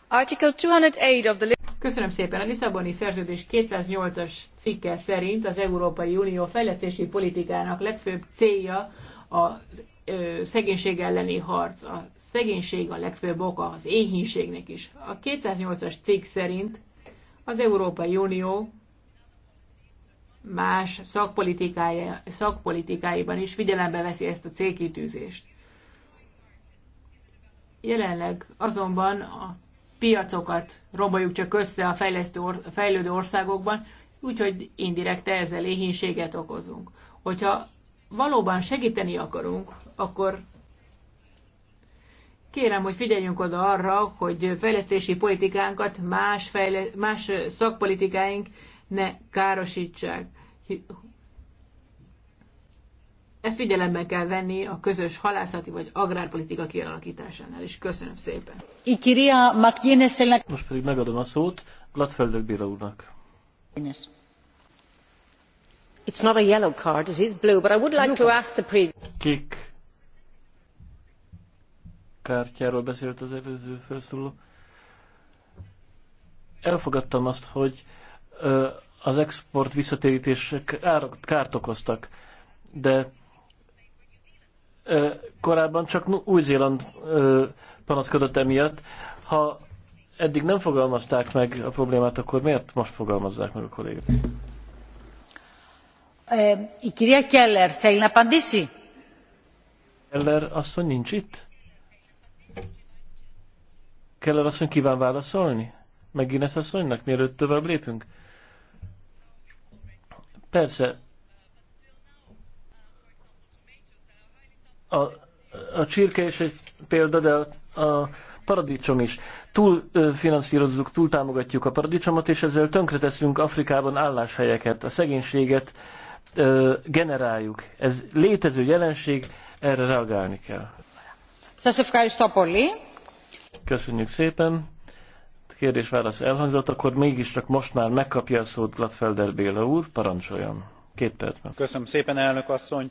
Article 208 of the Köszönöm szépen. A Lisszaboni szerződés 208-as cikke szerint az Európai Unió fejlesztési politikának legfőbb célja a szegénység elleni harc. A szegénység a legfőbb oka az éhínségnek is. A 208-as cikk szerint az Európai Unió más szakpolitikáiban is figyelembe veszi ezt a célkitűzést. Jelenleg azonban a piacokat roboljuk csak össze a fejlesztő or, fejlődő országokban, úgyhogy indirekte ezzel éhínséget okozunk. Hogyha valóban segíteni akarunk, akkor kérem, hogy figyeljünk oda arra, hogy fejlesztési politikánkat más, fejle, más szakpolitikáink ne károsítsák. Ezt figyelembe kell venni a közös halászati vagy agrárpolitika kialakításánál is. Köszönöm szépen. Most pedig megadom a szót Gladfeldök bíró úrnak. It's not a yellow card, it is blue, but I would like to ask the previous... Kék kártyáról beszélt az előző felszóló. Elfogadtam azt, hogy az export visszatérítések árak, kárt okoztak, de korábban csak Új-Zéland panaszkodott emiatt. Ha eddig nem fogalmazták meg a problémát, akkor miért most fogalmazzák meg a kollégák? Η κυρία Κέλλερ θέλει να Keller, azt asszony nincs itt? Keller asszony kíván válaszolni? Meg Guinness asszonynak, mielőtt tovább lépünk? Persze, a, a csirke is egy példa, de a, a paradicsom is. Túl finanszírozzuk, túl támogatjuk a paradicsomot, és ezzel tönkreteszünk Afrikában álláshelyeket, a szegénységet ö, generáljuk. Ez létező jelenség, erre reagálni kell. Köszönjük szépen. Kérdés-válasz elhangzott, akkor mégiscsak most már megkapja a szót Glatfelder Béla úr, parancsoljon. Két percben. Köszönöm szépen, elnök asszony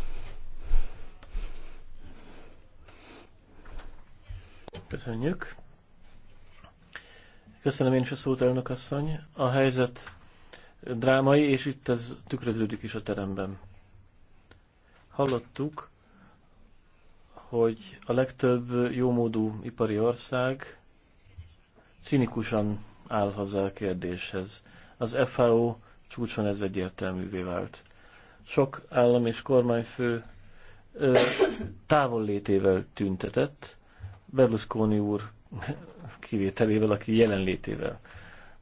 Köszönjük. Köszönöm én is a szót, elnök asszony. A helyzet drámai, és itt ez tükröződik is a teremben. Hallottuk, hogy a legtöbb jómódú ipari ország cinikusan áll hozzá a kérdéshez. Az FAO csúcson ez egyértelművé vált. Sok állam és kormányfő távollétével tüntetett, Berlusconi úr kivételével, aki jelenlétével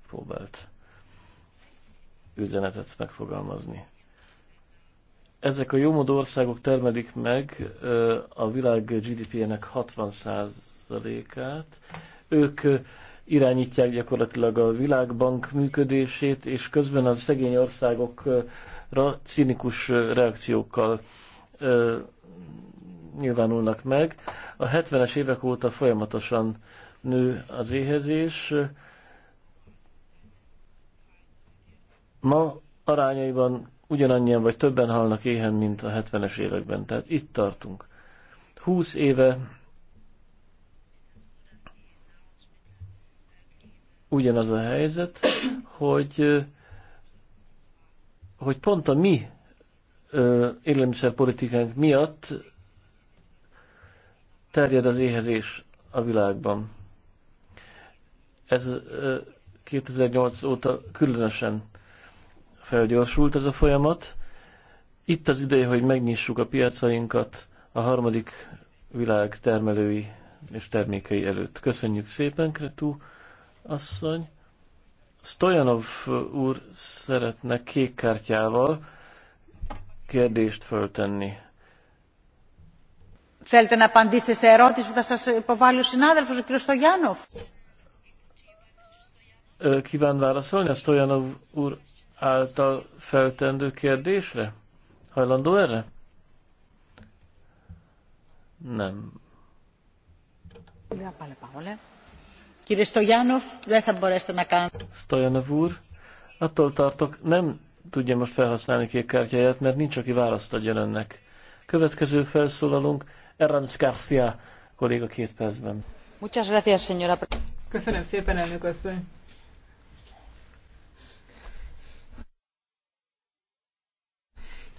próbált üzenetet megfogalmazni. Ezek a jómodó országok termelik meg a világ GDP-nek 60%-át. Ők irányítják gyakorlatilag a világbank működését, és közben a szegény országokra cinikus reakciókkal nyilvánulnak meg. A 70-es évek óta folyamatosan nő az éhezés. Ma arányaiban ugyanannyian vagy többen halnak éhen, mint a 70-es években. Tehát itt tartunk. 20 éve ugyanaz a helyzet, hogy, hogy pont a mi élelmiszerpolitikánk miatt terjed az éhezés a világban. Ez 2008 óta különösen felgyorsult ez a folyamat. Itt az ideje, hogy megnyissuk a piacainkat a harmadik világ termelői és termékei előtt. Köszönjük szépen, Kretú asszony. Stojanov úr szeretne kék kártyával kérdést föltenni. Θέλετε να απαντήσετε σε ερώτηση που θα σας υποβάλει ο συνάδελφος, ο κ. Στογιάνοφ. Kíván válaszolni a Stojanov úr által feltendő kérdésre? Hajlandó erre? Nem. Kire Stojanov, de θα μπορέσετε να κάνετε. Stojanov úr, attól tartok, nem tudja most felhasználni kék kártyáját, mert nincs, aki választ adjon önnek. Következő felszólalunk Erranz Garcia kolléga két percben. Muchas gracias, señora. Köszönöm szépen, elnök asszony.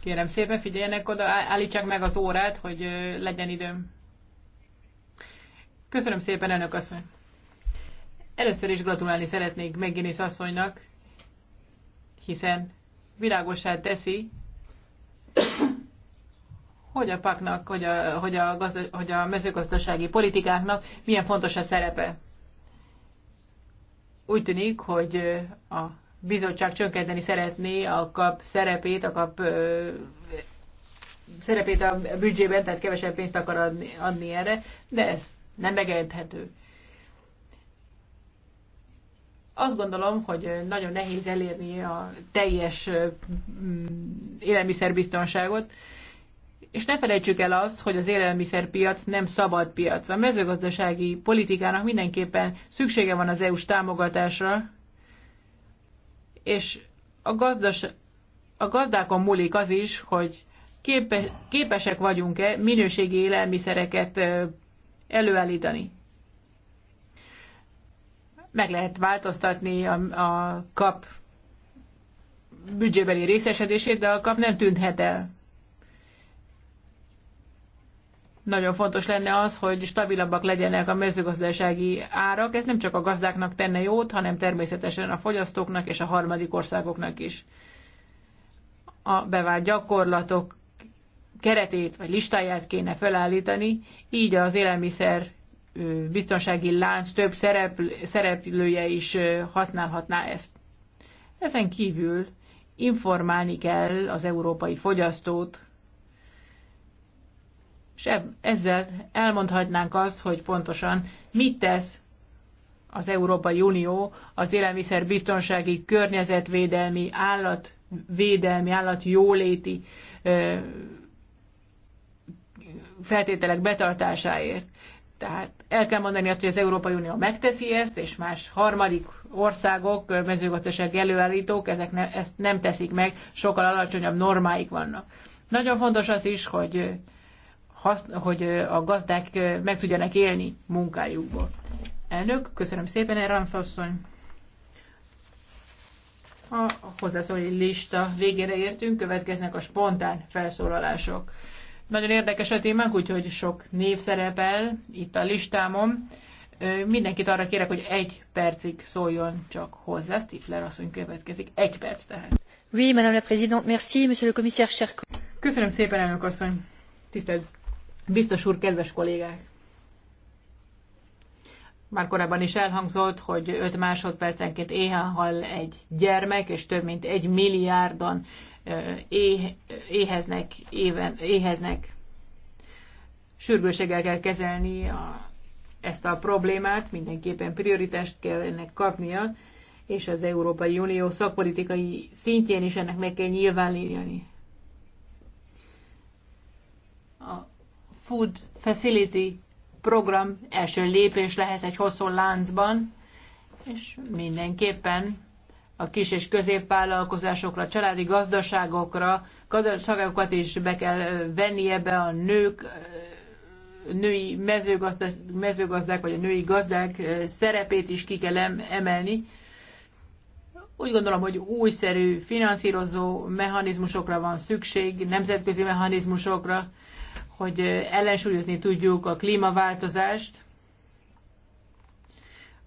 Kérem szépen figyeljenek oda, állítsák meg az órát, hogy legyen időm. Köszönöm szépen, elnök asszony. Először is gratulálni szeretnék Megginis asszonynak, hiszen világosá teszi, hogy a paknak, hogy a, hogy a, gazda, hogy a mezőgazdasági politikáknak milyen fontos a szerepe. Úgy tűnik, hogy a bizottság csökkenteni szeretné a kap szerepét, a kap ö, szerepét a büdzsében, tehát kevesebb pénzt akar adni, adni erre, de ez nem megengedhető. Azt gondolom, hogy nagyon nehéz elérni a teljes élelmiszerbiztonságot, és ne felejtsük el azt, hogy az élelmiszerpiac nem szabad piac. A mezőgazdasági politikának mindenképpen szüksége van az EU-s támogatásra, és a, gazdas, a gazdákon múlik az is, hogy képe, képesek vagyunk-e minőségi élelmiszereket előállítani. Meg lehet változtatni a, a kap büdzsébeli részesedését, de a kap nem tűnhet el nagyon fontos lenne az, hogy stabilabbak legyenek a mezőgazdasági árak. Ez nem csak a gazdáknak tenne jót, hanem természetesen a fogyasztóknak és a harmadik országoknak is. A bevált gyakorlatok keretét vagy listáját kéne felállítani, így az élelmiszer biztonsági lánc több szerepl- szereplője is használhatná ezt. Ezen kívül informálni kell az európai fogyasztót és ezzel elmondhatnánk azt, hogy pontosan mit tesz az Európai Unió az élelmiszerbiztonsági, környezetvédelmi, állatvédelmi, állatjóléti feltételek betartásáért. Tehát el kell mondani azt, hogy az Európai Unió megteszi ezt, és más harmadik országok, mezőgazdasági előállítók ezek ne, ezt nem teszik meg, sokkal alacsonyabb normáik vannak. Nagyon fontos az is, hogy hogy a gazdák meg tudjanak élni munkájukból. Elnök, köszönöm szépen, Erranf asszony. A hozzászólói lista végére értünk, következnek a spontán felszólalások. Nagyon érdekes a témánk, úgyhogy sok név szerepel itt a listámon. Mindenkit arra kérek, hogy egy percig szóljon csak hozzá. Stifler asszony következik. Egy perc tehát. Oui, madame la présidente, merci, monsieur le commissaire, cher... Köszönöm szépen, elnök asszony. Tisztelt Biztos úr, kedves kollégák! Már korábban is elhangzott, hogy 5 másodpercenként éhen hal egy gyermek, és több mint egy milliárdan éheznek, éven, éheznek. Sürgőséggel kell kezelni a, ezt a problémát, mindenképpen prioritást kell ennek kapnia, és az Európai Unió szakpolitikai szintjén is ennek meg kell nyilvánítani. A Food Facility program első lépés lehet egy hosszú láncban, és mindenképpen a kis és középvállalkozásokra, családi gazdaságokra, gazdaságokat is be kell venni ebbe a nők, női mezőgazdák, mezőgazdák vagy a női gazdák szerepét is ki kell emelni. Úgy gondolom, hogy újszerű finanszírozó mechanizmusokra van szükség, nemzetközi mechanizmusokra, hogy ellensúlyozni tudjuk a klímaváltozást,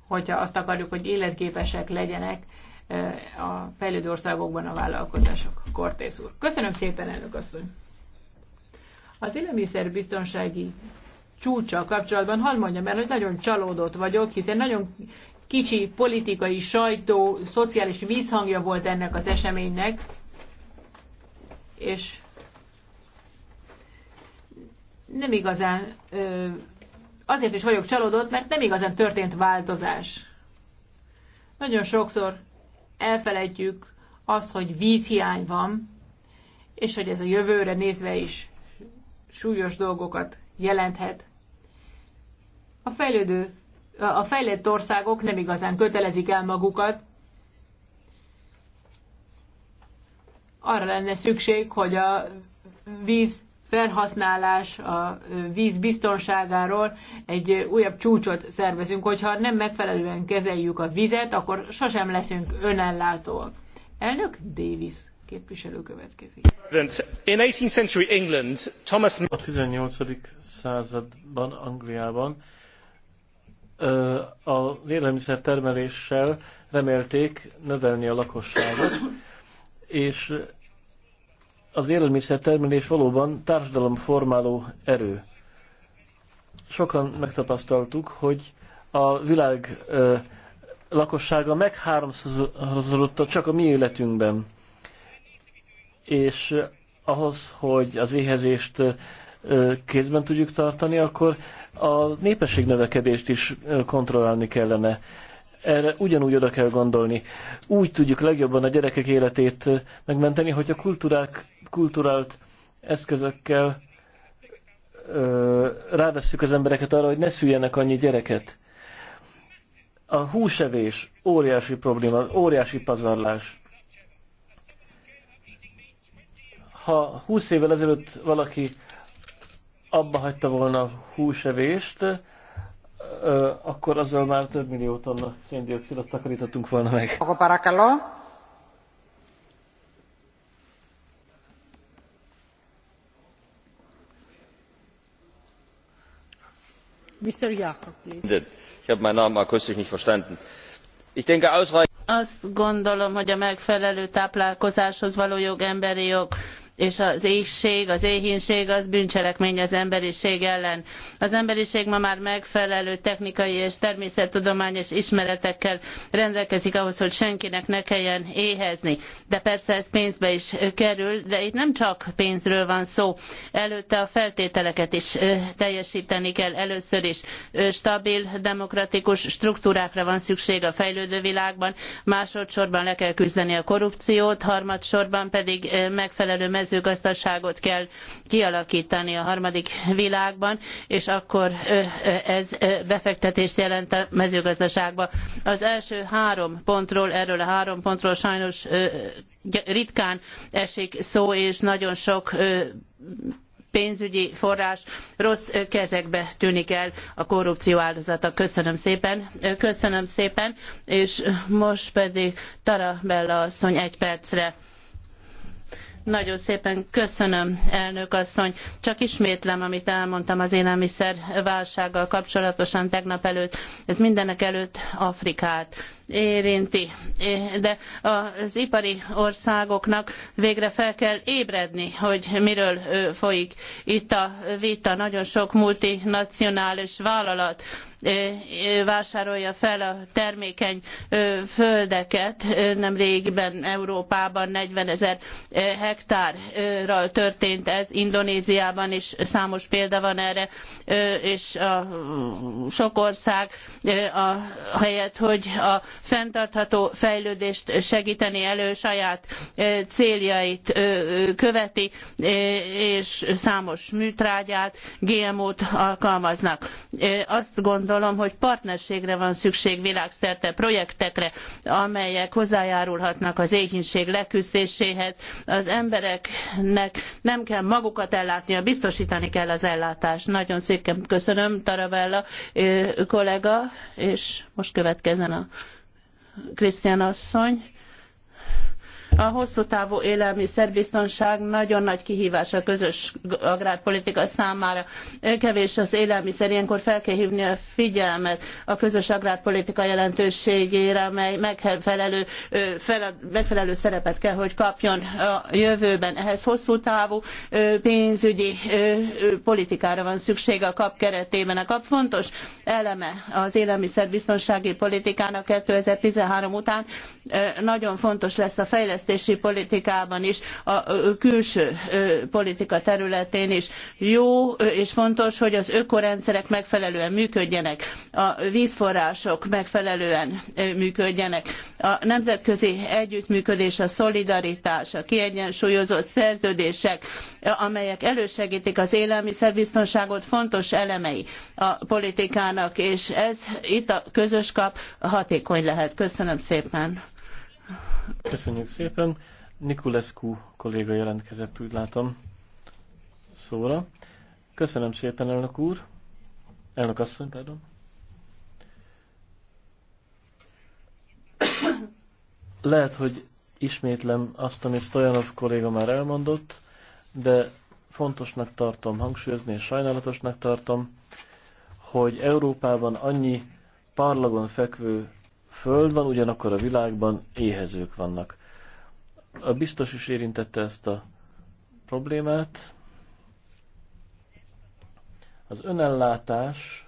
hogyha azt akarjuk, hogy életképesek legyenek eh, a fejlődő országokban a vállalkozások. Kortész úr. Köszönöm szépen, elnök asszony! Az élelmiszerbiztonsági csúcsa kapcsolatban hadd mondjam el, hogy nagyon csalódott vagyok, hiszen nagyon kicsi politikai sajtó, szociális vízhangja volt ennek az eseménynek, és nem igazán, azért is vagyok csalódott, mert nem igazán történt változás. Nagyon sokszor elfelejtjük azt, hogy vízhiány van, és hogy ez a jövőre nézve is súlyos dolgokat jelenthet. A fejlődő, a fejlett országok nem igazán kötelezik el magukat. Arra lenne szükség, hogy a víz felhasználás, a víz biztonságáról egy újabb csúcsot szervezünk. Hogyha nem megfelelően kezeljük a vizet, akkor sosem leszünk önellátóak. Elnök Davis képviselő következik. In 18th century England, Thomas... A 18. században Angliában a élelmiszer termeléssel remélték növelni a lakosságot, és az élelmiszertermelés valóban társadalomformáló erő. Sokan megtapasztaltuk, hogy a világ ö, lakossága megháromszorozódott csak a mi életünkben. És ahhoz, hogy az éhezést ö, kézben tudjuk tartani, akkor a népesség növekedést is kontrollálni kellene. Erre ugyanúgy oda kell gondolni. Úgy tudjuk legjobban a gyerekek életét megmenteni, hogy a kultúrák kulturált eszközökkel rávesszük az embereket arra, hogy ne szüljenek annyi gyereket. A húsevés óriási probléma, óriási pazarlás. Ha 20 évvel ezelőtt valaki abba hagyta volna húsevést, akkor azzal már több millió tonna széndiokszidot takarítottunk volna meg. Akkor parakaló. azt gondolom hogy a megfelelő táplálkozáshoz való jog emberi jog és az éhség, az éhínség az bűncselekmény az emberiség ellen. Az emberiség ma már megfelelő technikai és természettudományos ismeretekkel rendelkezik ahhoz, hogy senkinek ne kelljen éhezni. De persze ez pénzbe is kerül, de itt nem csak pénzről van szó. Előtte a feltételeket is teljesíteni kell. Először is stabil, demokratikus struktúrákra van szükség a fejlődő világban, másodszorban le kell küzdeni a korrupciót, harmadsorban pedig megfelelő mezőgazdaságot kell kialakítani a harmadik világban, és akkor ez befektetést jelent a mezőgazdaságba. Az első három pontról, erről a három pontról sajnos ritkán esik szó, és nagyon sok pénzügyi forrás rossz kezekbe tűnik el a korrupció áldozata. Köszönöm szépen. Köszönöm szépen, és most pedig Tarabella asszony egy percre. Nagyon szépen köszönöm, elnök asszony. Csak ismétlem, amit elmondtam az élelmiszer válsággal kapcsolatosan tegnap előtt. Ez mindenekelőtt Afrikát érinti. De az ipari országoknak végre fel kell ébredni, hogy miről folyik itt a vita. Nagyon sok multinacionális vállalat vásárolja fel a termékeny földeket. Nemrégiben Európában 40 ezer hektárral történt ez, Indonéziában is számos példa van erre, és a sok ország a helyett, hogy a fenntartható fejlődést segíteni elő saját céljait követi, és számos műtrágyát, GMO-t alkalmaznak. Azt gondolom, gondolom, hogy partnerségre van szükség világszerte, projektekre, amelyek hozzájárulhatnak az éhínség leküzdéséhez. Az embereknek nem kell magukat ellátnia, biztosítani kell az ellátást. Nagyon szépen köszönöm, Taravella kollega, és most következzen a Krisztián asszony. A hosszú távú élelmiszerbiztonság nagyon nagy kihívás a közös agrárpolitika számára. Kevés az élelmiszer, ilyenkor fel kell hívni a figyelmet a közös agrárpolitika jelentőségére, mely megfelelő, megfelelő szerepet kell, hogy kapjon a jövőben. Ehhez hosszú távú pénzügyi politikára van szükség a kap keretében. A kap fontos eleme az élelmiszerbiztonsági politikának 2013 után. Nagyon fontos lesz a fejlesztés fejlesztési politikában is, a külső politika területén is. Jó és fontos, hogy az ökorendszerek megfelelően működjenek, a vízforrások megfelelően működjenek, a nemzetközi együttműködés, a szolidaritás, a kiegyensúlyozott szerződések, amelyek elősegítik az élelmiszerbiztonságot fontos elemei a politikának, és ez itt a közös kap hatékony lehet. Köszönöm szépen. Köszönjük szépen. Nikulescu kolléga jelentkezett, úgy látom, szóra. Köszönöm szépen, elnök úr. Elnök asszony, pardon. Lehet, hogy ismétlem azt, amit Stojanov kolléga már elmondott, de fontosnak tartom hangsúlyozni, és sajnálatosnak tartom, hogy Európában annyi parlagon fekvő föld van, ugyanakkor a világban éhezők vannak. A biztos is érintette ezt a problémát. Az önellátás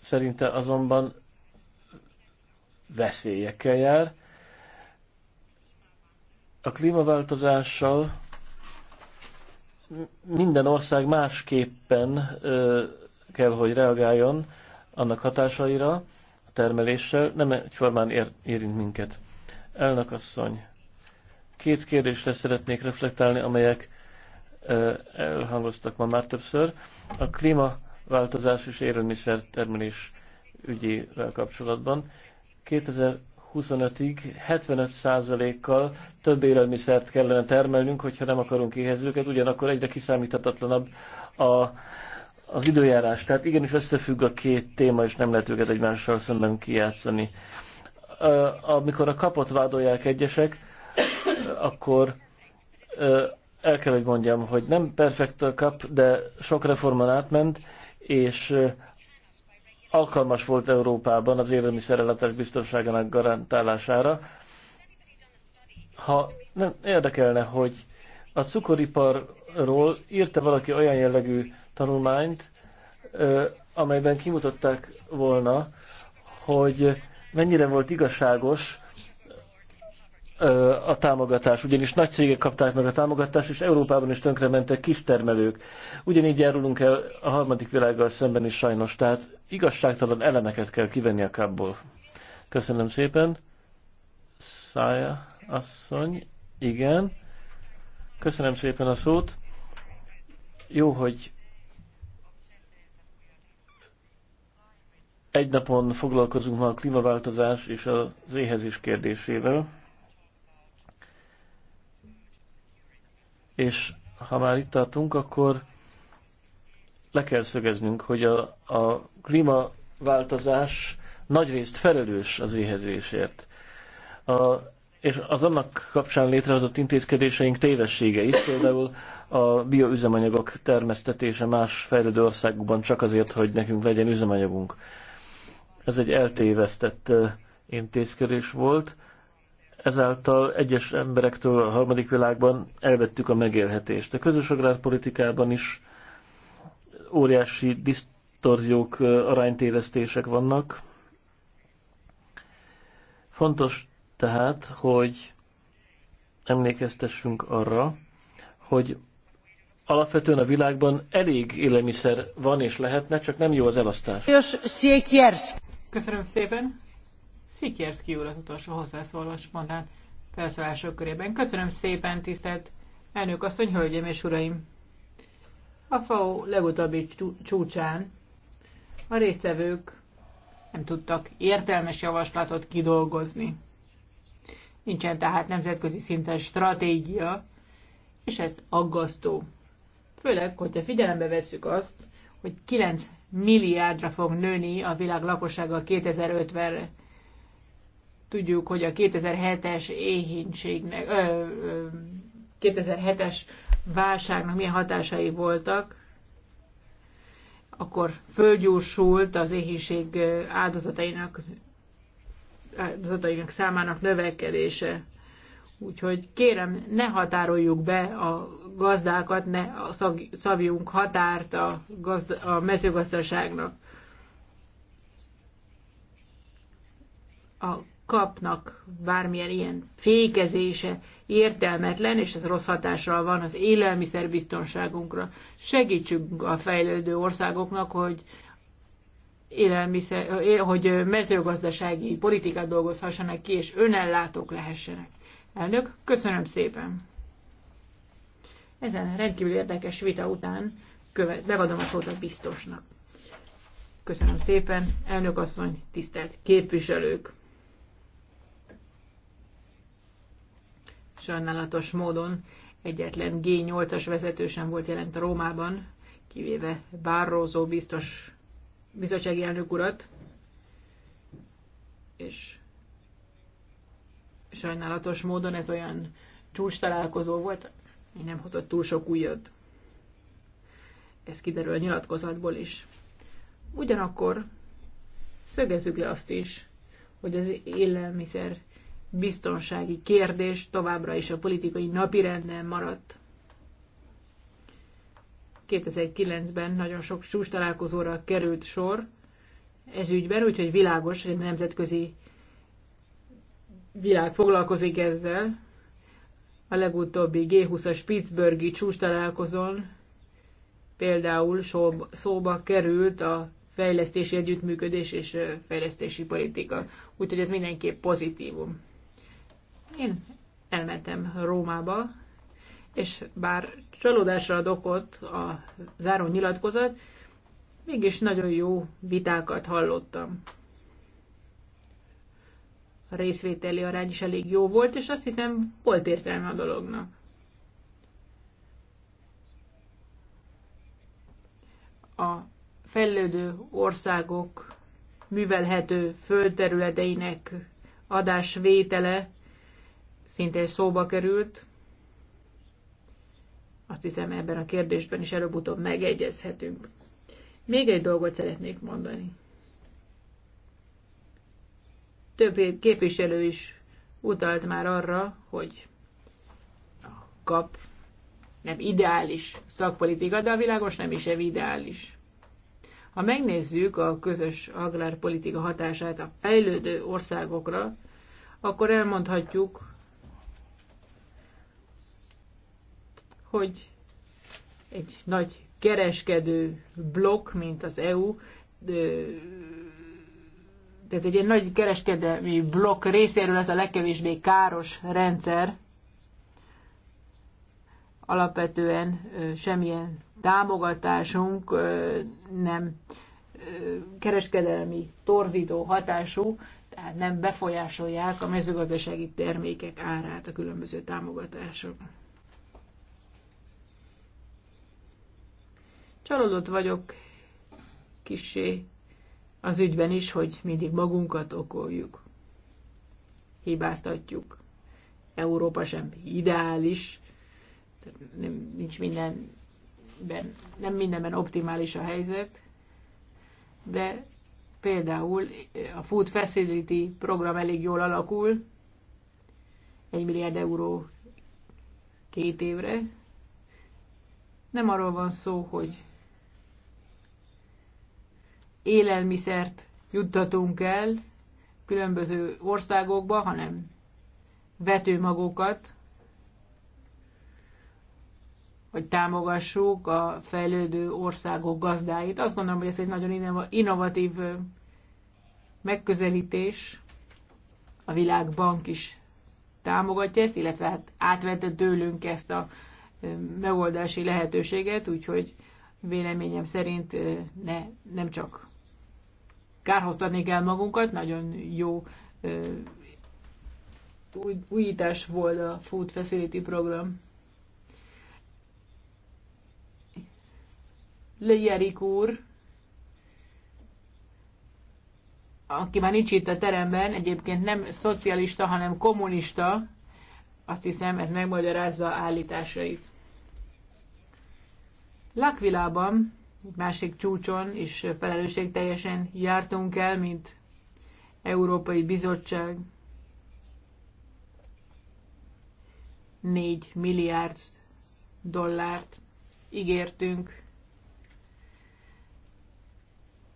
szerinte azonban veszélyekkel jár. A klímaváltozással minden ország másképpen ö, kell, hogy reagáljon annak hatásaira termeléssel nem egyformán ér, érint minket. Elnök asszony, két kérdésre szeretnék reflektálni, amelyek elhangoztak ma már többször. A klímaváltozás és élelmiszer termelés ügyével kapcsolatban 2025-ig 75%-kal több élelmiszert kellene termelnünk, hogyha nem akarunk éhezőket, ugyanakkor egyre kiszámíthatatlanabb a az időjárás. Tehát igenis összefügg a két téma, és nem lehet őket egymással szemben kijátszani. Amikor a kapot vádolják egyesek, akkor el kell, hogy mondjam, hogy nem perfekt a kap, de sok reformon átment, és alkalmas volt Európában az élelmiszerellátás biztonságának garantálására. Ha nem érdekelne, hogy a cukoriparról írta valaki olyan jellegű tanulmányt, amelyben kimutatták volna, hogy mennyire volt igazságos a támogatás, ugyanis nagy cégek kapták meg a támogatást, és Európában is tönkrementek kistermelők. Ugyanígy járulunk el a harmadik világgal szemben is sajnos, tehát igazságtalan elemeket kell kivenni a kábból. Köszönöm szépen. Szája asszony, igen. Köszönöm szépen a szót. Jó, hogy Egy napon foglalkozunk ma a klímaváltozás és az éhezés kérdésével. És ha már itt tartunk, akkor le kell szögeznünk, hogy a, a klímaváltozás nagyrészt felelős az éhezésért. A, és az annak kapcsán létrehozott intézkedéseink tévessége is, például a bioüzemanyagok termesztetése más fejlődő országokban csak azért, hogy nekünk legyen üzemanyagunk. Ez egy eltévesztett intézkedés volt. Ezáltal egyes emberektől a harmadik világban elvettük a megélhetést. A közös agrárpolitikában is óriási disztorziók, aránytévesztések vannak. Fontos tehát, hogy emlékeztessünk arra, hogy alapvetően a világban elég élelmiszer van és lehetne, csak nem jó az elasztás. Köszönöm szépen. Szikierszki úr az utolsó hozzászólás mondán felszólások körében. Köszönöm szépen, tisztelt elnök asszony, hölgyeim és uraim! A FAO legutóbbi csúcsán a résztvevők nem tudtak értelmes javaslatot kidolgozni. Nincsen tehát nemzetközi szinten stratégia, és ez aggasztó. Főleg, hogyha figyelembe vesszük azt, hogy 9 milliárdra fog nőni a világ lakossága 2050-re. Tudjuk, hogy a 2007-es éhénységnek, ö, ö, 2007-es válságnak milyen hatásai voltak, akkor fölgyorsult az éhénység áldozatainak, áldozatainak számának növekedése. Úgyhogy kérem, ne határoljuk be a gazdákat ne szabjunk határt a, gazda, a mezőgazdaságnak. A kapnak bármilyen ilyen fékezése értelmetlen, és ez rossz hatással van az élelmiszerbiztonságunkra. Segítsünk a fejlődő országoknak, hogy élelmiszer, eh, hogy mezőgazdasági politikát dolgozhassanak ki, és önellátók lehessenek. Elnök, köszönöm szépen! Ezen rendkívül érdekes vita után követ, bevadom a szót a biztosnak. Köszönöm szépen, elnök asszony, tisztelt képviselők! Sajnálatos módon egyetlen G8-as vezető sem volt jelent a Rómában, kivéve Bárrózó biztos bizottsági elnök urat, és sajnálatos módon ez olyan csúcs találkozó volt, nem hozott túl sok újat. Ez kiderül a nyilatkozatból is. Ugyanakkor szögezzük le azt is, hogy az élelmiszer biztonsági kérdés továbbra is a politikai napirenden maradt. 2009-ben nagyon sok sús találkozóra került sor ez ügyben, úgyhogy világos, hogy a nemzetközi világ foglalkozik ezzel, a legutóbbi G20-as Pittsburghi csúcs találkozón például szóba került a fejlesztési együttműködés és fejlesztési politika. Úgyhogy ez mindenképp pozitívum. Én elmentem Rómába, és bár csalódásra ad okot a záró nyilatkozat, mégis nagyon jó vitákat hallottam a részvételi arány is elég jó volt, és azt hiszem volt értelme a dolognak. A fejlődő országok művelhető földterületeinek adásvétele szintén szóba került. Azt hiszem ebben a kérdésben is előbb-utóbb megegyezhetünk. Még egy dolgot szeretnék mondani. Több képviselő is utalt már arra, hogy a kap nem ideális szakpolitika, de a világos nem is ideális. Ha megnézzük a közös agrárpolitika hatását a fejlődő országokra, akkor elmondhatjuk, hogy egy nagy kereskedő blokk, mint az EU, tehát egy ilyen nagy kereskedelmi blokk részéről ez a legkevésbé káros rendszer. Alapvetően semmilyen támogatásunk nem kereskedelmi torzító hatású, tehát nem befolyásolják a mezőgazdasági termékek árát a különböző támogatások. Csalódott vagyok kisé az ügyben is, hogy mindig magunkat okoljuk, hibáztatjuk. Európa sem ideális, nem, nincs mindenben, nem mindenben optimális a helyzet, de például a Food Facility program elég jól alakul, egy milliárd euró két évre. Nem arról van szó, hogy élelmiszert juttatunk el különböző országokba, hanem vetőmagokat, hogy támogassuk a fejlődő országok gazdáit. Azt gondolom, hogy ez egy nagyon innovatív megközelítés. A világbank is támogatja ezt, illetve hát átvette tőlünk ezt a megoldási lehetőséget, úgyhogy véleményem szerint ne, nem csak kárhoztatnék kell magunkat, nagyon jó új, újítás volt a Food Facility program. Lejerik úr, aki már nincs itt a teremben, egyébként nem szocialista, hanem kommunista, azt hiszem ez megmagyarázza állításait. Lakvilában másik csúcson is felelősségteljesen jártunk el, mint Európai Bizottság. 4 milliárd dollárt ígértünk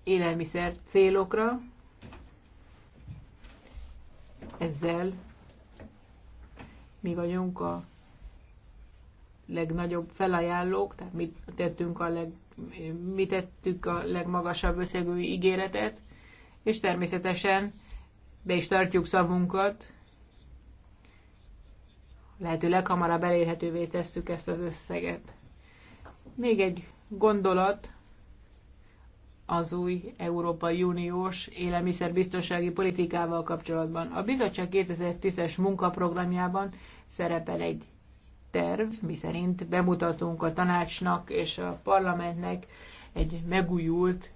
élelmiszer célokra. Ezzel mi vagyunk a legnagyobb felajánlók, tehát mit tettünk a leg, mi tettük a legmagasabb összegű ígéretet, és természetesen be is tartjuk szavunkat, Lehetőleg hamarabb elérhetővé tesszük ezt az összeget. Még egy gondolat az új Európai Uniós élelmiszerbiztonsági politikával kapcsolatban. A bizottság 2010-es munkaprogramjában szerepel egy terv, miszerint bemutatunk a tanácsnak és a parlamentnek egy megújult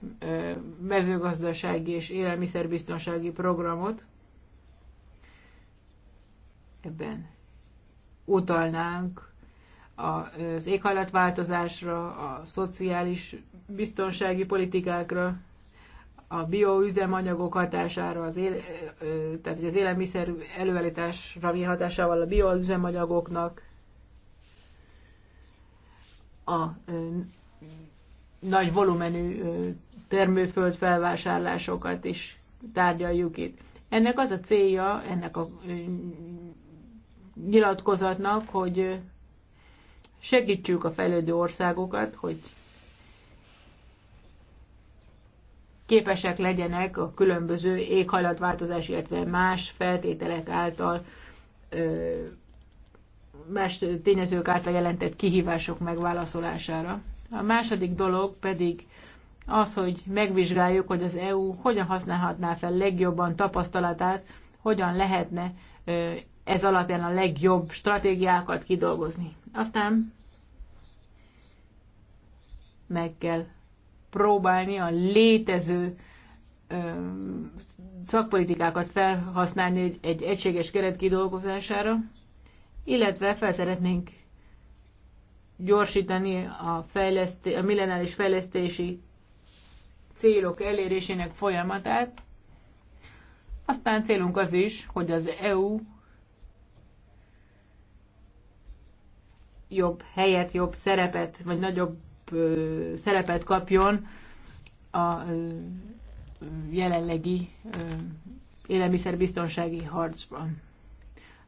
mezőgazdasági és élelmiszerbiztonsági programot. Ebben utalnánk az éghajlatváltozásra, a szociális biztonsági politikákra, a bioüzemanyagok hatására, az él, tehát az élelmiszer előállításra mi hatásával a bioüzemanyagoknak, a nagy volumenű termőföld felvásárlásokat is tárgyaljuk itt. Ennek az a célja, ennek a nyilatkozatnak, hogy segítsük a fejlődő országokat, hogy képesek legyenek a különböző éghajlatváltozás, illetve más feltételek által ö, más tényezők által jelentett kihívások megválaszolására. A második dolog pedig az, hogy megvizsgáljuk, hogy az EU hogyan használhatná fel legjobban tapasztalatát, hogyan lehetne ez alapján a legjobb stratégiákat kidolgozni. Aztán meg kell próbálni a létező szakpolitikákat felhasználni egy egységes keret kidolgozására, illetve fel szeretnénk gyorsítani a, fejleszté- a millenáris fejlesztési célok elérésének folyamatát. Aztán célunk az is, hogy az EU jobb helyet, jobb szerepet, vagy nagyobb ö, szerepet kapjon a ö, jelenlegi ö, élelmiszerbiztonsági harcban.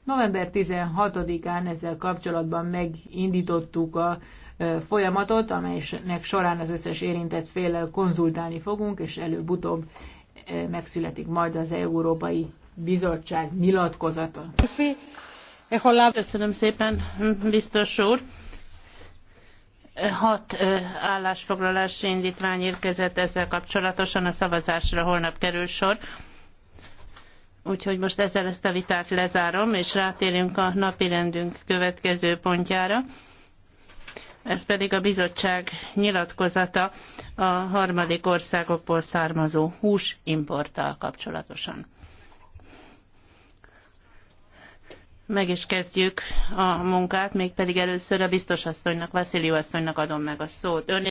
November 16-án ezzel kapcsolatban megindítottuk a folyamatot, amelynek során az összes érintett féllel konzultálni fogunk, és előbb-utóbb megszületik majd az Európai Bizottság nyilatkozata. Köszönöm szépen, biztos úr. Hat állásfoglalási indítvány érkezett ezzel kapcsolatosan, a szavazásra holnap kerül sor. Úgyhogy most ezzel ezt a vitát lezárom, és rátérünk a napirendünk következő pontjára. Ez pedig a bizottság nyilatkozata a harmadik országokból származó importtal kapcsolatosan. Meg is kezdjük a munkát, mégpedig először a biztos asszonynak, asszonynak adom meg a szót. Ön